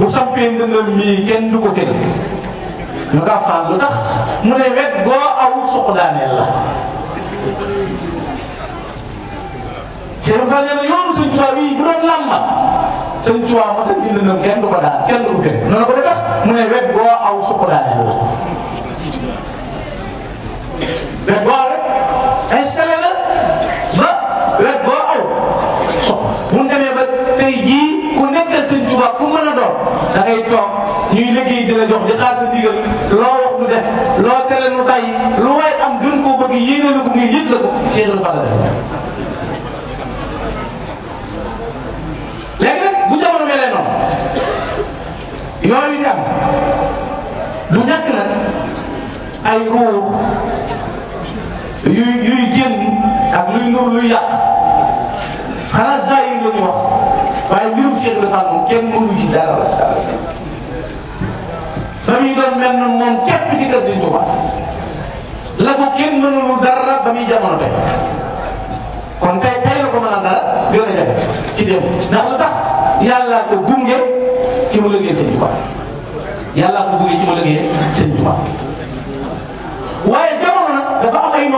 bu sampee ndëndam mii kenn du ko tëj ñu ka faal lu tax mu ne wet goo aw suq daaneel la Cheikh Fall nee na yoonu Sëñ Touba wii bu doon lamb Sëñ Touba ma sampi ndëndam kenn du noonu ko de mu ne wet goo aw suq daaneel la da ngay ñuy liggéey di la jox di xaar sa ndigal loo wax lu def loo tere lu bàyyi lu waay am gën koo bëgg yéene la ko ngir yëg la ko Cheikh Ibra Fall def léegi nag bu jamono yooyu itam du ñàkk ay ruur yuy yuy ak luy nur luy yàq lu waaye mbirum Cheikh Ibra Fall moom kenn mënu ci dara la na ko kenn mënulul dara ba muy jamono la ko mën a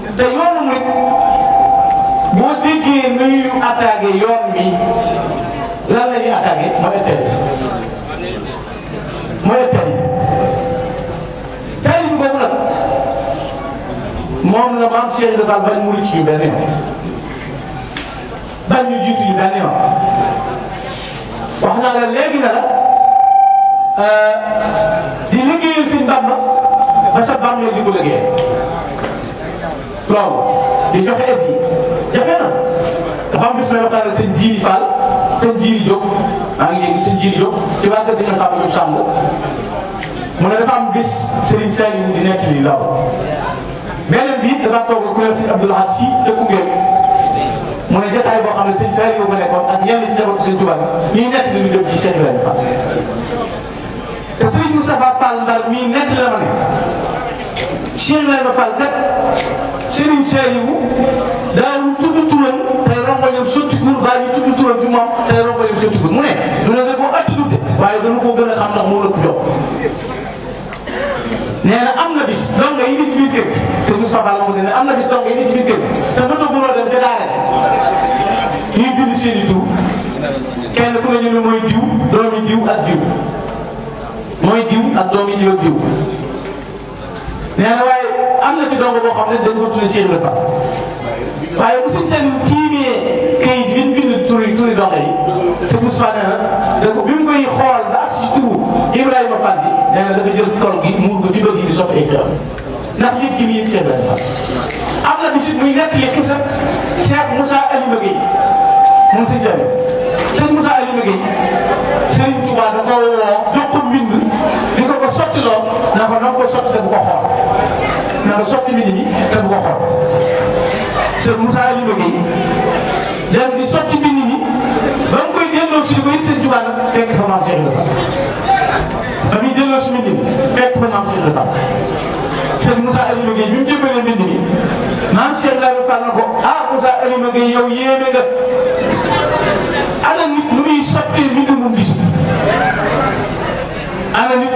noonu te yoonu nit boo déggee nuyu attaqué yoon bi lan la ñuy attaqué mooy tali mooy tali tali boobu nag moom la maam Cheikh Ibrahima Fall bañ murit yu benn yoon bañ ñu jiitu yu benn yoon wax naa la léegi na la di liggéeyal si Bamba ba sa Bamba di ko liggéey loolu di joxe aide yi jafe na dafa am bis may waxtaanee seen jiiri Fall seen jiiri Diop maa ngi yëngu seen jiiri Diop ci waa Kër mu ne dafa am bis Serigne Saliou di nekk nii daaw beneen bi dafa toog ku ne Sëñ Abdou Lahad Si te Koungheul mu ne jotaay boo xam ne Sëñ Saliou ma nekkoon ak ñenn ci njabootu Sëñ Touba bi ñuy nekk li ñu jëm ci Cheikh Ibrahima Fall te Serigne Moustapha Fall Ndar mii nekk la ma ne Cheikh Ibrahima Fall kat. Serigne Saliou daawul tudd turam te rongoñam sottikul baa ñu tudd turam ci moom te rongoñam sottikul mu ne du ne da koo atti tudde waaye dañu koo gën a xam ndax moo lëpp jox nee na am na bis donga yi ni ci biir kër sëñ Moustapha la ko am na bis donga yi ni ci biir kër te ba toggunoo dem ca daara ñuy bind seen i tur kenn ku ne ñu mooy diw doomi diw ak diw mooy waaye am na ci dong boo xam ne dañ ko tuddee Cheikh Ibra Fall waaye bu sëñ seen tiimee kayit bi ñu bind turi turi dongo yi sëñ Moustapha nee na da ko bi mu koy xool ba ak si turu Ibrahima Fall bi nee na dafa jël kol gi muur ko ci bëgg yi di sotti ay xeetu ndax yëg gi mu yëg Cheikh Ibrahima Fall. am na bisit muy nettali xisa Cheikh Moussa Alioune Guèye moom sëñ Jabi sëñ Moussa Alioune Guèye Serigne Touba da ko woo jox ko mbind di ko ko sottiloo na ko na ko sotti te bu ko xool. dana soppi nit ñi te du ko xool sotti bi nit ñi ba mu koy delloo si di ko it sëñ Tuubaa nag fekk fa maam Cheikh Ibrahima ba muy delloo si nit ñi fekk fa maam Cheikh Ibrahima sëñ Moussa Alima Gueye bi mu jébbalee mbind mi maam na ko ah Moussa Alima Gueye yow yéeme nga ana nit lu muy sottee mbind mu gisut ana nit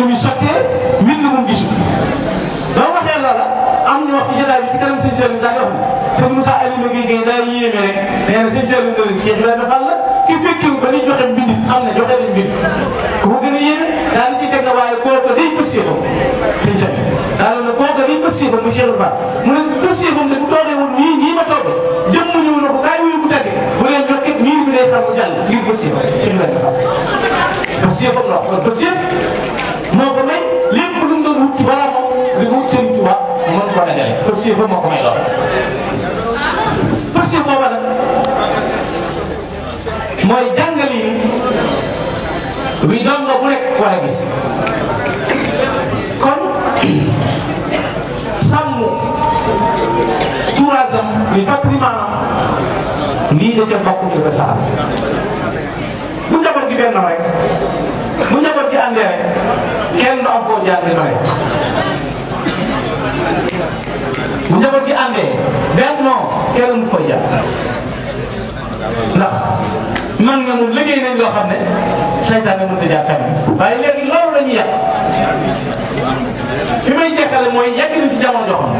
am ñoo fi jotaay bi ci kanam sëñ Saliou daan wax ne sëñ Moussa Alioune Guèye Guèye daa yéeme rek nee na sëñ Saliou Ndorong Cheikh Ibrahima Fall la ki fekkiwu ba ni joxe bindi xam ne joxe nañ bind ku ko gën a yéeme daal di ci teg na waaye kooku day pëstéefam sëñ Saliou daal na kooku day pëstéefam mu Cheikh Fall mu ne pëstéefam ne bu toogee woon nii nii ma toogee jëmm ñëw na ko kaay wuyu bu tege bu leen jox it miir bi day xam mu jàll ngir pëstéefam Cheikh Ibrahima Fall pëstéefam la wax kon pëstéef moo ko may Pastef moo ko may lool Pastef booba nag mooy jàngali wi doon nga bu nekk war a gis kon sàmm tourisme bi patrimoine lii da ca bokk ci ba sax bu njaboot gi benn rek bu njaboot gi àndee rek kenn du am foo jaar di bu njaboot gi àndee benn non kenn mu koy jàpp ndax man nga moom liggéey nañ loo xam ne seytaan ne mënut a jaar fenn léegi loolu la ñuy fi may jekkale mooy yàgg nañ ci jamono joo xam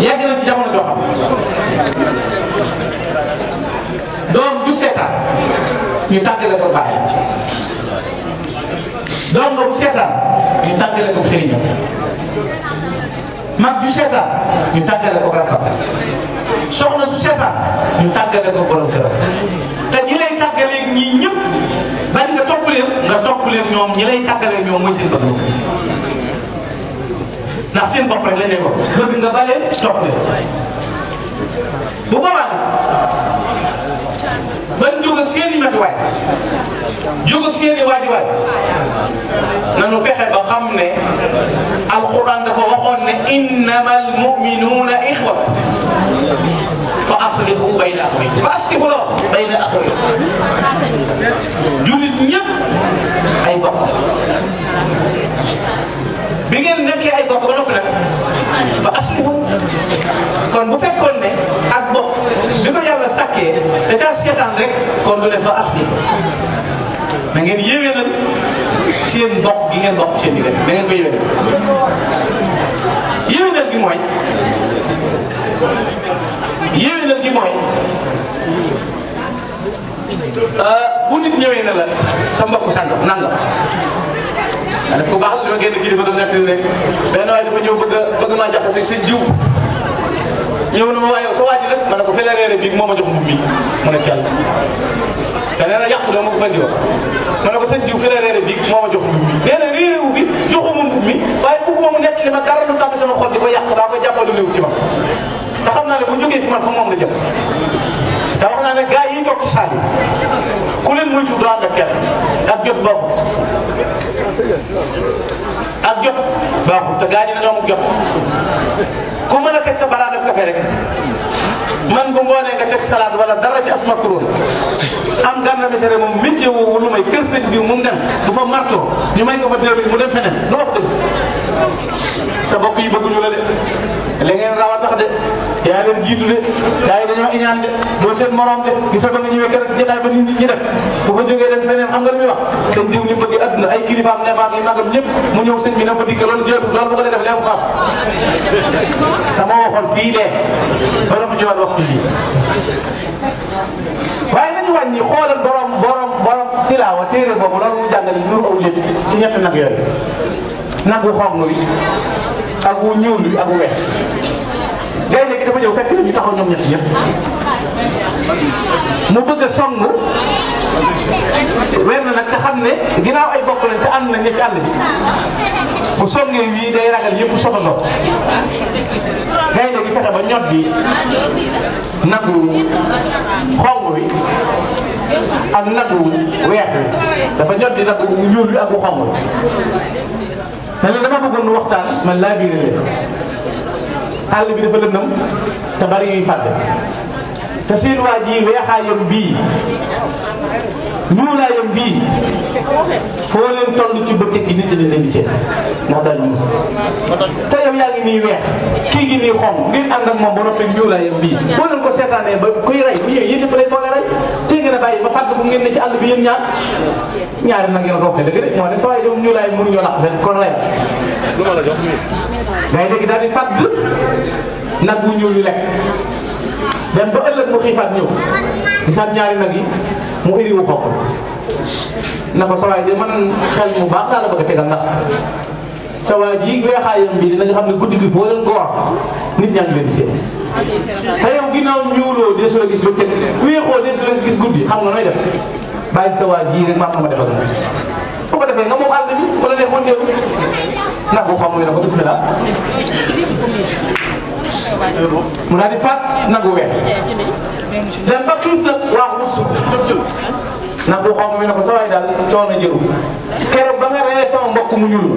ne yàgg jamono joo doom du seetaan ñu tàggale ko bàyyi doom nga bu seetaan ñu tàggale ko sëriñam mag ju seetaan ñu tàggale ko rakkam soxna su seetaan ñu tàggale ko borom këram te ñi lay tàggaleeg ñii ñëpp bañ nga topp leen nga topp leen ñoom ñi lay tàggaleeg ñoom mooy seen bëgg ndax seen bopp rek lañ lay ko bëgg nga balee topp leen bu boobaa ban jóg ak seen i matuwaay jóg ak seen i waajuwaay nanu fexe ba xam ne إنما المؤمنون إخوة فأصلحوا بين أخوين فأصلحوا له بين أخوين جلد نيب أي بقى بيجن لك أي بقى لك فأصلحوا كون بفك كون نيب أكبر بيجن يالا سكي تتاسكي تانريك كون بلي فأصلحوا mengen yewena sen bok gi ngeen bok sen digal mengen ko yewena yéwénal gi mooy yéwénal gi mooy euh, bu nit ñëwee na la sa mbokk sàngam nangam nga def ko baax la li ma génn ji dafa doon nettali rek benn waaye dafa ñëw bëgg a bëgg naa jaxase sa jiw ñëw na ma waaye yow sa waa ji nag fi la reere bii moo ma jox mbubb mi mu ne Thiel te nee na yàqu doo ma ko fandi woon ma ne ko sëñ diw fi la reere bii moo ma jox mbubb mi nee na réere wu bi joxuma mbubb mi waaye bëgguma mu nekk li ma dara lu tàbbi sama xol di ko yàq daa koy jàppale léew ci ma te xam naa ne bu jógee fi man fa moom la jëm te wax naa ne gars yi toog ci saal yi ku leen moytu doo ànd ak kenn ak jot baaxul ak jot baaxul te gars yi ne ñoom jot ku mën a teg sa baraana ko fee rek man bu ngoonee nga teg salaat wala dara ci as macaron am gànna misere moom métier woowu lu may kër sëñ bi mu dem du fa martoo ñu may ko fa deux mille mu dem feneen lu wax dëgg sa bokk yi bëgguñu la de la ngeen raw a tax de yaa leen jiitu de gaa yi dañoo iñaan de mooy seen morom de gisal ba nga ñëwee keroog jotaay ba nit ñi def bu fa jógee dem feneen xam nga lu muy wax seen diw ni bëgg adduna ay kilifaam ne maag yi magam ñëpp mu ñëw sëñ bi na fa dikk loolu jël loolu bu ko dee def leen faam dama waxoon fii de ba dama ñëwaat wax fii waaye nañu wàññi xoolal borom borom borom tilaawa téere boobu loolu mu jàngale ñu aw lépp ci ñetti nag yooyu nagu xonq wi ak wu ñuul wi ak wu weex gaynde gi dafa ñëw fekk ñu taxaw ñoom ñett ñëpp mu a song wenn nag te xam ne ginnaaw ay bokk lañ te ànd nañ ne àll bi bu songee wii day ragal yëpp sotandoo gaynde gi fexe ba ñot bi nagu xong wi ak nagu weex wi dafa ñot di nagu ñuul wi ak bu xong wi ne leen dama bëggoon waxtaan man laa biire leen àll bi dafa lëndëm te bari yuy fàdd te seen waa ji weexaayam bii ñuulaayam bii foo leen toll ci bëccëg gi nit ñi leen di seen ndax daal ñuul te yam yaa ngi nii weex kii ngi nii xonq ngeen ànd ak moom ba noppi ñuulaayam bii boo leen ko seetaanee ba kuy rey bu ñëwee yéen ñëpp lay boole rey tee ngeen a bàyyi ba fàgg bu ngeen ne ci àll bi yéen ñaar ñaari nag yéen ko waxee dëgg de moo ne sa waay doom ñu laay mënuñoo laq fekk kon lay ngay dégg daal di fàgg nag wu ñuul ñu lekk dem ba ëllëg mu xiifaat ñëw gisaat ñaari nag yi mu indi wu na ko sa waay man xel mu baax laa la bëgg a tegal sa waa ji weexaayam bi dina nga xam ne guddi gi foo leen ko wax nit ñaa ngi leen di seet te yow ginnaaw dee su la gis bëccëg weexoo dee su la gis guddi xam nga nooy def bàyyi sa waa ji rek ma defal ma bu ko defee nga moom àll bi fu la neex mën déeru ndax bu na ko bismillah mu daal di faat nagu weex dem ba xiif nag waax wut ndax bu xaw mi ne ko sa waay daal coono jëru keroog ba nga mbokk mu ñuul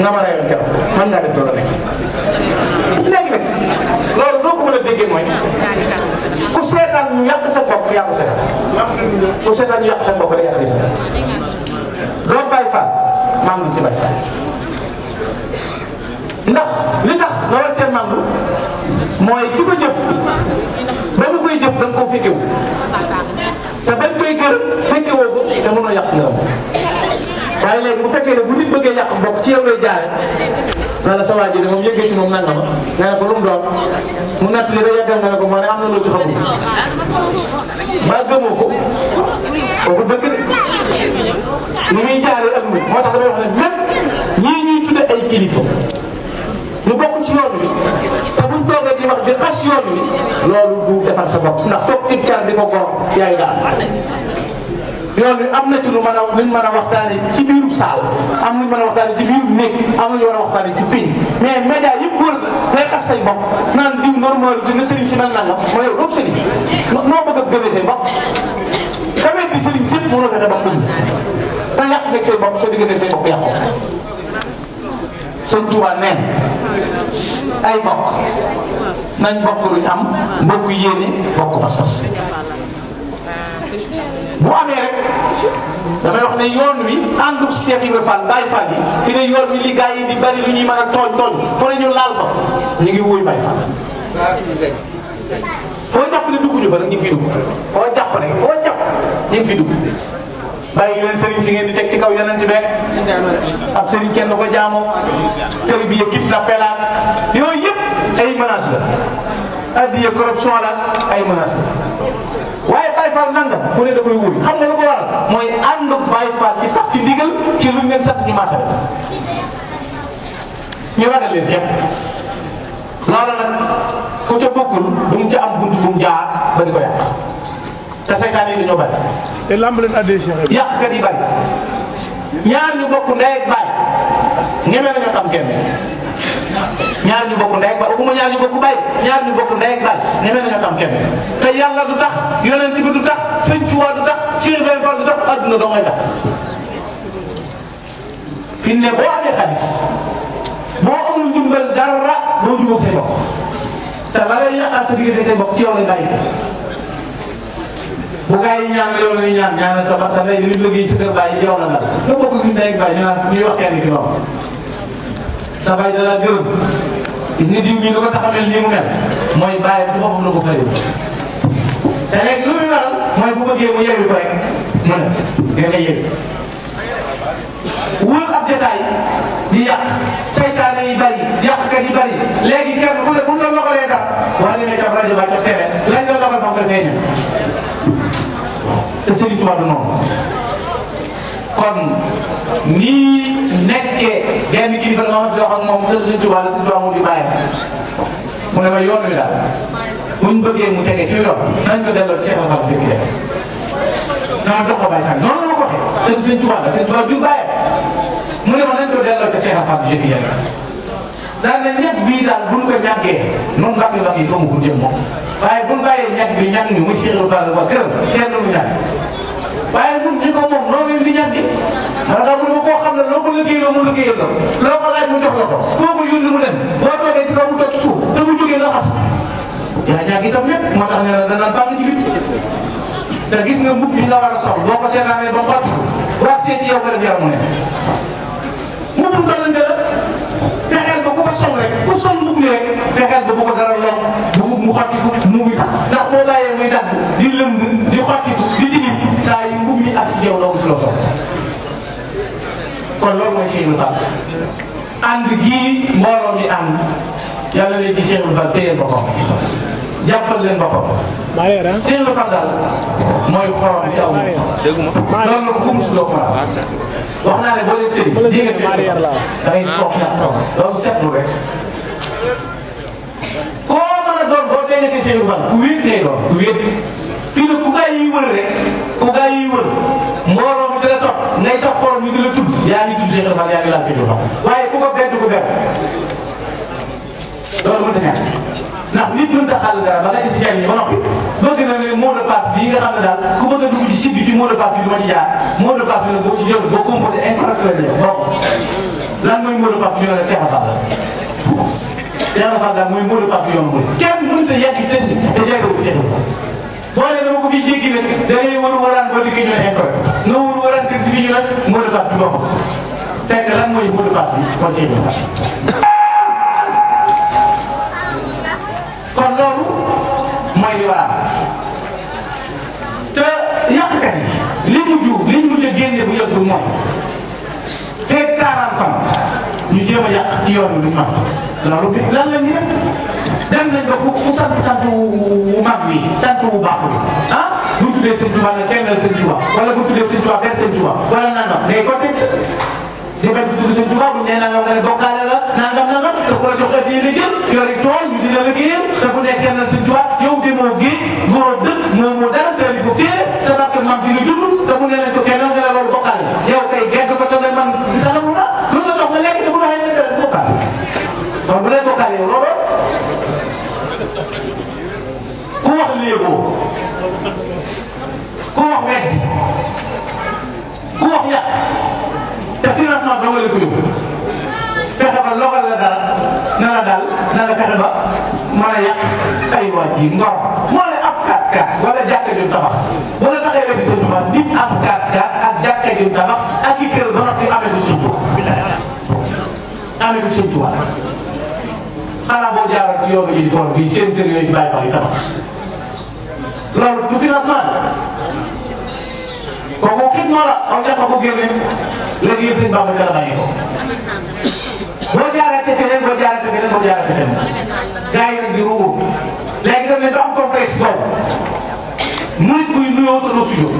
nga ma reyoon keroog mën ngaa def loola nekk. ko mën a déggee mooy ku seetaan ñu ko seetaan ku seetaan sa bopp day yàq di seetaan doo bàyyi faal maa ngi ci bàyyi tax loolu seen màndu mooy ki ko jëf ba mu koy koo te bañ koy gërëm woo ko te mënoo yàq nga waaye léegi bu fekkee ne bu nit bëggee yàq mbokk ci yow lay jaare la sa waa ji de moom yëngati moom nangama nga ne ko lu mu doon mu natt li rek yàggal nga ko moo ne am na loo ci xamul ba gëmoo ko kooku dëgg ni muy jaaree ak moom moo tax damay wax ne même ñii ñuy tudde ay kilifa. ñu bokk ci yoon wi te buñ toogee di wax di xas yoon wi loolu du defal sa bopp ndax toog ci car di ko góor yaay daal. yoon wi am na ci lu mën a luñ mën a waxtaanee ci biiru saal am luñ mën a waxtaanee ci biiru néeg am luñ mën a waxtaanee ci piñ mais média yëpp wër ngay xas say bopp naan diw normal dina sëriñ si mel nangam mooy yow doomu sëriñ noo bëgg a gëmee say bopp xamee di a sëpp mënoo fexe ba dund te yàq nga say bopp soo diggante say bopp yàqu sëñ Tuubaa nee ay bokk nañ bokk luñ am bokk yéene bokk pas-pas bu amee rek damay wax ne yoon wi àndu Cheikh yi Fall Baye Fall yi fi ne yoon wi li gaa yi di bari lu ñuy mën a tooñ tooñ fu ne ñu laal fa ñu ngi wuy Baye Fall foo jàpp ne dugg ñu fa rek ngi fiy dugg bàyyi leen sëriñ si ngeen di teg ci kaw yonent be ab sëriñ kenn du ko kër bi yëpp la pelaat yooyu yëpp ay menace la addiya corruption la ay menace la waaye Baye Fall nanga ku ne da koy wuy xam nga lu ko waral mooy ànd Baye Fall ci sax ci ndigal ci luñ leen sax ñu maasal ñu ragal ku ca bokkul bu ca am bunt bu mu jaar ba di ko te seytaane yi dañoo bari. te lamb leen addee Cheikh Ibrahima. yàqkat yi ñaar ñu bokk ndey ak baay ñeme nañoo tam kenn ñaar ñu bokk ndey ak baay waxuma ñaar ñu bokk baay ñaar ñu bokk ndey ak baay ñeme nañoo tam kenn te yàlla du tax yonent bi du tax sëñ Tuubaa du tax Cheikh Ibrahima Fall du tax adduna doo ngay tax. fi ne boo amee xaalis boo amul jumbal dara boo jubóog say bopp te la lay yàqal sa diggante say bopp ci yow lay bàyyi. bu gaa yi ñaan loolu la ñuy ñaan ñaanal la nga nga bokk ak ñu ndey ak bàyyi ñu ko tax a mel nii mu mel mooy bàyyi ci boppam la ko fay te léegi lu muy waral mooy bu bëggee mu yewi ko rek ne nga nga yewi wóor ab jotaay di yàq saytaane yi bari yàqkat yi bari léegi kenn ku ne bu ñu la loxalee dara wala li may jox rajo ba jox télé la loxal fa nga koy feeñal te Serigne Touba du noonu kon nii nekkee genn kilifa la ma si wax ak moom Serigne Touba la Serigne Touba moo di bàyyi mu ne ma yoon wi daal buñ bëggee mu tege ci yoon nañ ko delloo ci Cheikh Al Khadim dëkk dama jox ko Baye Fall noonu la ma ko waxee Serigne Touba la Serigne Touba du bàyyi mu ne ma nañ ko delloo ci Cheikh Al Khadim dëkk yàlla daal na ñett bii daal buñ ko ñàggee noonu mbàkk yi mbàkk yi doomu ko jëm moom waaye buñ ñag bi ñag ñu muy cheikh rubal ba gërëm kenn mu ñag waaye ñun ñi ko moom noo leen di ñag man nga bu ko xam ne lagi ko liggéeyoo mu liggéeyal la loo laaj mu jox la ko foo ko mu dem boo toogee ci kaw mu toj suuf te mu jógee nga xas yaa ñaagi sam lépp moo tax ne la danaan fànn ci bitti te gis nga mbub bi la war a sol ba ci yow mu xottiku mu ngi ndax boo bàyyee muy dagg di lëmb di xottiku di tilim saa yu mbub mi ak si yow doomu si la soxla kon loolu mooy Cheikh Ibra Fall ànd gii mbooloo mi ànd yàlla léegi Cheikh Ibra Fall téye boppam jàppal leen boppam. Ah. Cheikh Ibra Fall daal mooy xorom ci aw ma loolu nag ku musuloo ko la wax naa ne boo leen sëriñ jéeg a sëriñ da ngay soog ah. ñax toog loolu seetlu rek. doon boo déggee Cheikh Fall ku wéet ngay doon ku wéet fii nag ku gaa yiy wër rek ku gaa yiy wër mbooloo mi dina topp ngay sax xorom ñu di la tudd yaa ngi tudd Cheikh Fall yaa ngi laal Cheikh Fall waaye ku ko bett ko bett loolu mënta ñàkk ndax nit mënta xàll dara ba nekk ci jaay yi ba noppi bëgg na ne mot de passe bii nga xam ne daal ku bëgg a dugg ci site bi ci mot de passe bi du ma ci jaar mot de passe bi nag boo ci jël boo composé incorrect la lan mooy mot de passe bi ñu ne la Cheikh Fall yàlla Fall daal mooy mboolu papillon bi kenn mënut a yegg seen te jaaroo ko ca dugg. boo nee dama ko fi jéggi nag da ngay war a waraan ba digg ñu école nga war a waraan gis fi ñu nag mboolu pass bi bokkul fekk lan mooy mboolu pass bi kon cee ñëw. kon loolu mooy li war te yàqkat yi li mu ju li ñu mujj a génne bu yàggul moom. jéem a yàq ci yoon bi ma loolu lan la ñuy def dem nañ ba ku sant sant wu mag bi sant wu baax bi ah bu ñu tuddee seen tubaab nga kennal seen tubaab wala bu ñu tuddee seen tubaab benn seen tubaab wala nangam ngay contexte di bañ bu tudd seen tubaab bu ñu nee nangam nga ne bokkaale la nangam nangam te ku jox addiya la jël yori tool ñu dina la liggéeyal te bu yow de moo moo moo moo dara teel a ko téere sa bakkan fi nga judd te bu ne lañ ko kennal nga la yëgoo ku wax wedd ku wax yàq te financement dama la ko yóbbu fexe ba logal la dara na la daal na la fexe ba mën a yàq ay waa ji ngor moo ne ab 4-4 wala jàkka ju tabax wala taxee rek sa tubaab nit am 4-4 ak jàkka ju tabax ak i kër ba noppi amee ko suñu amee ko suñu tubaab xanaa boo jaaral ci yoonu ji di koor bi seen kër yooyu bàyyi fa ay tabax. loolu du financement bi kooku xidma la aw ñàkk ko génne léegi yéen sëñ Bamba ca la bàyyee ko boo jaaree te keneen boo jaaree te keneen boo jaaree te keneen gars yi nag di ruur léegi dem nañ ba am complexe boobu murit buy nuyoo te doo sujoo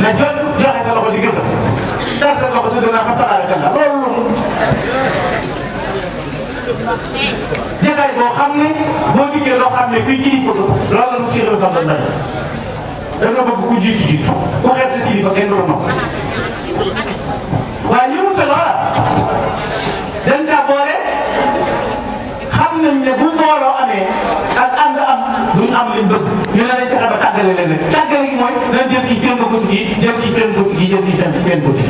na jot joxe sa di gësam dar sa loxo sa gën a fa taxaare kan la leer boo xam ne boo liggéey loo xam ne kuy kilifa la loolu la mu Cheikh Ibrahima doon bañ danga bëgg ku jiitu jiitu ku xeeb sa kilifa kenn du ko nopp waaye yëngu sa loola dañ caa boole xam nañ ne bu mbooloo amee ak ànd am duñ am liñ bëgg ñu ne dañ fexe ba tàggale leen rek tàggale gi mooy dañ jël kii jënd ko ci jël kii jënd ko ci jël kii jënd ko ci.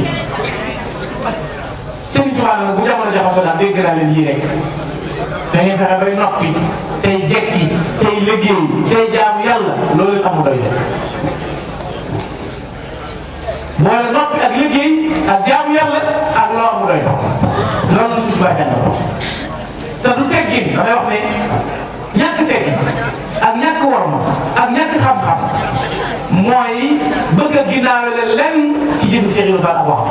seen i tubaab nag bu jamono jaxasoo daal dégg naa leen yii rek. da ngay fexe bay noppi tey jekki tey liggéey tey jaamu yàlla loolu it amul doy de. boole noppi ak liggéey ak jaamu yàlla ak loo amul doy loolu suñu bàyyi ànd ko te du teggin damay wax ne ñàkk teggin ak ñàkk worma ak ñàkk xam-xam mooy bëgg a ginnaawale lenn ci jënd Cheikh Ibrahima Fall ak wax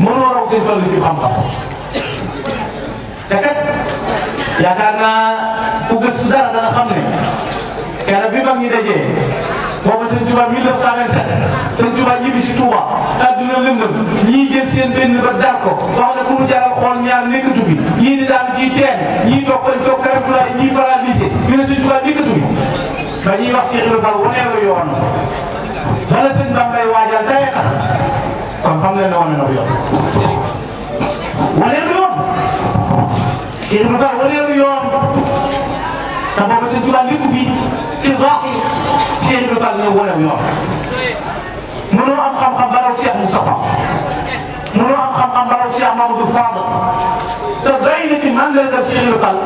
mënoo raw seen fàll ci xam-xam te kat. yaakaar naa ku gëstu dara dana xam ne keroog bi mag ñi dajee boobu sëñ Touba 1927 sëñ Touba ñibbi si Touba adduna lëndëm ñii jël seen benn ba dar ko wax ne ku mu jaral xool ñaar nekkatu fi ñii di daan kii teen ñii toog fañ toog karafulaay ñii paralysé ñu ne sëñ Touba nekkatu fi ba ñuy wax Cheikh Ibra Fall waneeru yoon bala sëñ Bambay waajal dayee tax kon xam nga ne wane na yoon waneeru Cheikh Ibrahima Fall waneelu yoon te boobu sëñ Tuubaa lépp fi ci zaaxi Cheikh Ibrahima Fall ne waneelu yoon mënoo am xam-xam ba raw Cheikh Moustapha xam-xam ba def Cheikh Mamadou Fadl te doy na ci mandargal Cheikh Ibra Fall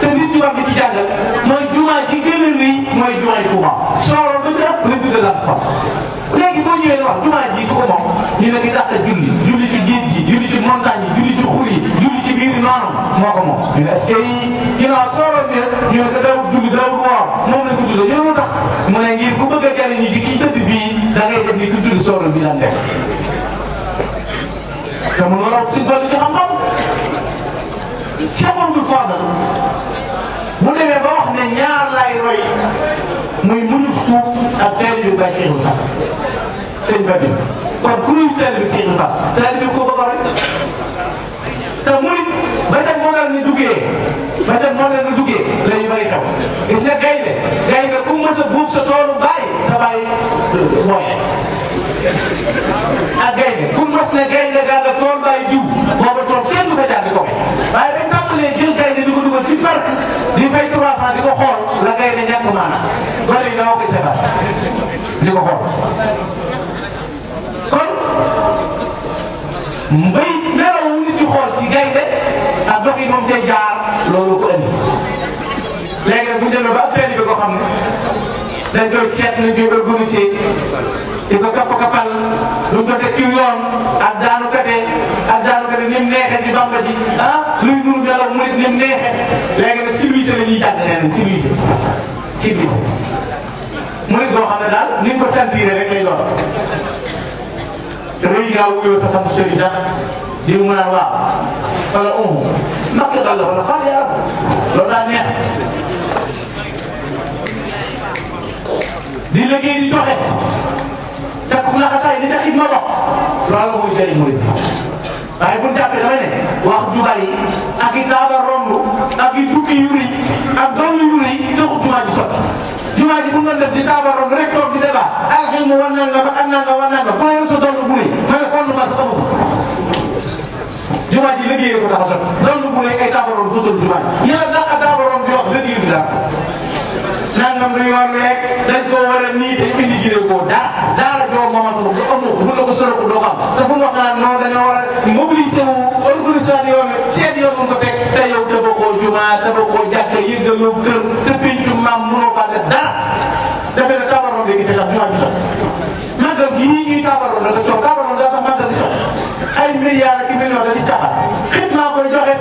te nit ñi war di ci jàngal mooy jumaa ji gën a rëy mooy jumaay Touba sooroon ba ci ëpp la tudde la fa léegi boo ñëwee wax jumaa ji du ko moom ñu ne ki dàq julli julli ci géej gi julli ci montagne yi julli ci xur yi julli ci biir noonam moo ko moom ñu ne est-ce que yi ginnaaw sooroon bi rek ñu ne ko dawul julli dawul woor moom lañ ko tuddee yow lu tax mu ne ngir ku bëgg a jariñu ci kii tëdd fii da ngay def ni ku julli sooroon bi daan def te mu ngi raw si dolli ci xam-xam Cheikh Mamadou Fadal mu demee ba wax ne ñaar laay roy muy muñu suuf ak teel yu bay Cheikh Moussa sëñ Badji kon ku ñuy teel bi Cheikh Moussa teel bi ko ba te muy ba tey moo leen di duggee ba tey moo leen di duggee la ñu bëri xew gis nga gaynde gaynde ku mës a buub sa toolu bàyyi sa bàyyi mooyee. ak gaynde ku mas ne gaynde gaa nga tool bàyyi jiw booba tool kenn du ko jaar di ko waaye bañ tàmbalee jël gaynde di ko dugal ci parc di fay 300 di ko xool la gaynde ñàkk maanaam gone yi ñoo ko seetaan di ko xool kon mbay melaw wu nit di xool ci gaynde ak dox yi moom tey jaar loolu ko indi léegi nag bu ñu demee ba ak taalibe bi ko xam ne dañ koy seet nañ koy organiser diko kap kapal lu ko tek ci yoon ak daanu kate ak daanu kate nim nexe di bamba di ah lu nuru dal ak murid nim nexe legi service la lañuy jàng neen service civilisé murid bo xamne dal nim ko sentiré rek lay doon reuy ga wuyo sa sam sori sax di mu na wa fala um nak dal wala fal ya rab lo da neex di liggéey di doxe takku laxasaay ni ca xidma ba loolu mooy jëriñ mooy waaye bu ñu jàppee damay ne wax ju ak i taaba romb ak i tukki yu rëy ak doom yu rëy taxul jumaa ji ji bu ñu def di taaba romb rek toog di ah ba ak ah naan nga wan naan nga ne sa doom bu ma ne xool ma sa ëpp jumaa ji liggéeyee ko tax a sotti ay taaba romb sottal jumaa ji yéen bi daal nangam du yoon rek dañ koo war a nii te indi jëlee koo daa daara joo moomal sa bopp amul mun na ko solo ko doo xam te fu mu wax naan non da nga war a mobiliser wu organisation yoon wi seet yoon mu ko teg te yow dafa koo jumaa dafa koo jàkka yëngal yow kër sa pincu maam mënoo ba def na tabaroon bi gisee ndax jumaa bi sox màggal gi ñii ñuy tabaroon da nga coow tabaroon daa tax màggal gi sox ay milliards ak millions da di caxal xit maa koy joxe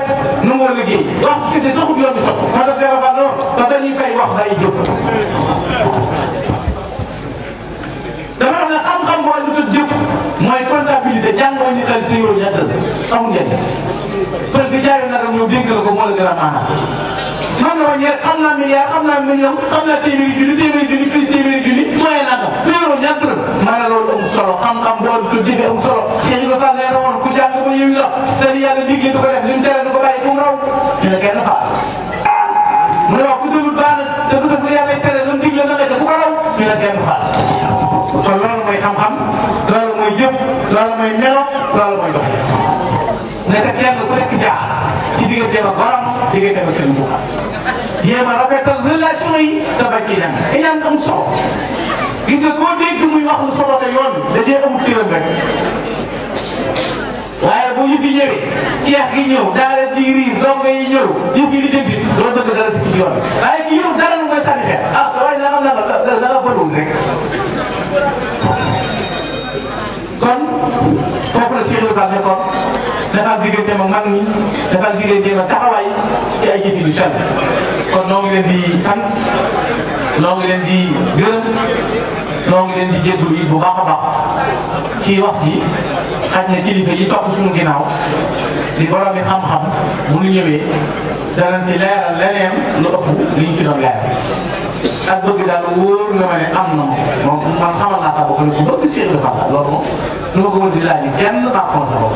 nu moo liggéey wax kese se yoon bi sot moo tax seera fa noonu te dañuy fay wax day jóg dama wax ne xam-xam bu àndut ak jëf mooy comptabilité jàngoo ñu xel si yow ñett amul njëriñ fël bi jaayu nagam ñëw dénk la ko moo la gën a man na ñeer xam naa milliard xam naa million xam naa téeméeri junni téeméeri junni plus téeméeri junni mooy naka féeroon ñàkk na ma ne loolu amul solo xam-xam boo ko jëfee amul solo Cheikh Ibrahima Fall nee na woon ku jàng ba yëwi la te li yàlla digle du ko def li mu tere du ko bàyyi fu mu raw dina kenn faat mu ne wax ku déglu baax na te du def li yàlla tere la mu digle na nga ca bu ko raw dina kenn faat kon loolu mooy xam-xam loolu mooy jëf loolu mooy melo loolu mooy dox nekk kenn ku nekk jaar ci diggante ba borom diggante ba seen bopp jéem a rafetal relation yi te bañ ci dem iñaan am solo gis nga koo dégg muy wax lu solo te yoon bi dajee amul këram rek waaye bu ñu fi ñëwee ceex gi ñëw daara di riir ndongo yi ñëw yëf yi di jëm si doo dëgg dara si yoon bi waaye ki ñëw dara lu may sànni xeet ah sa waay nanga nanga nanga bëriwul rek kon foofu la Cheikh Ibrahima nekkoon defal diggante ma mag ñi defal diggante ma taxawaay ci ay jëf yu sell kon noo ngi leen di sant noo ngi leen di gërëm ngi leen di jéggalu it bu baax a baax ci wax ji xaj na kilifa yi topp suñu ginnaaw di borom bi xam-xam bu ñu ñëwee danañ ci leeral leneen lu ëpp li ñu ci ak bëgg daal wóor na ma ne am na moom man xamal naa sa bopp ne ku bëgg Cheikh Ibrahima Fall loolu moom nu ma ko mën di laaj kenn baaxoon sa bopp.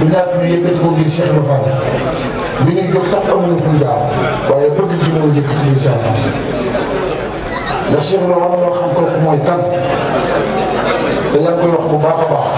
du ñàkk ñu yëkkati ko ngir Cheikh Ibra Fall bi ñuy jóg sax amuñu fu jaar waaye bëgg ji moo yëkkati ngir Cheikh Ibra Fall ndax Cheikh Ibra Fall moo xam kooku te yaa koy wax bu baax a baax.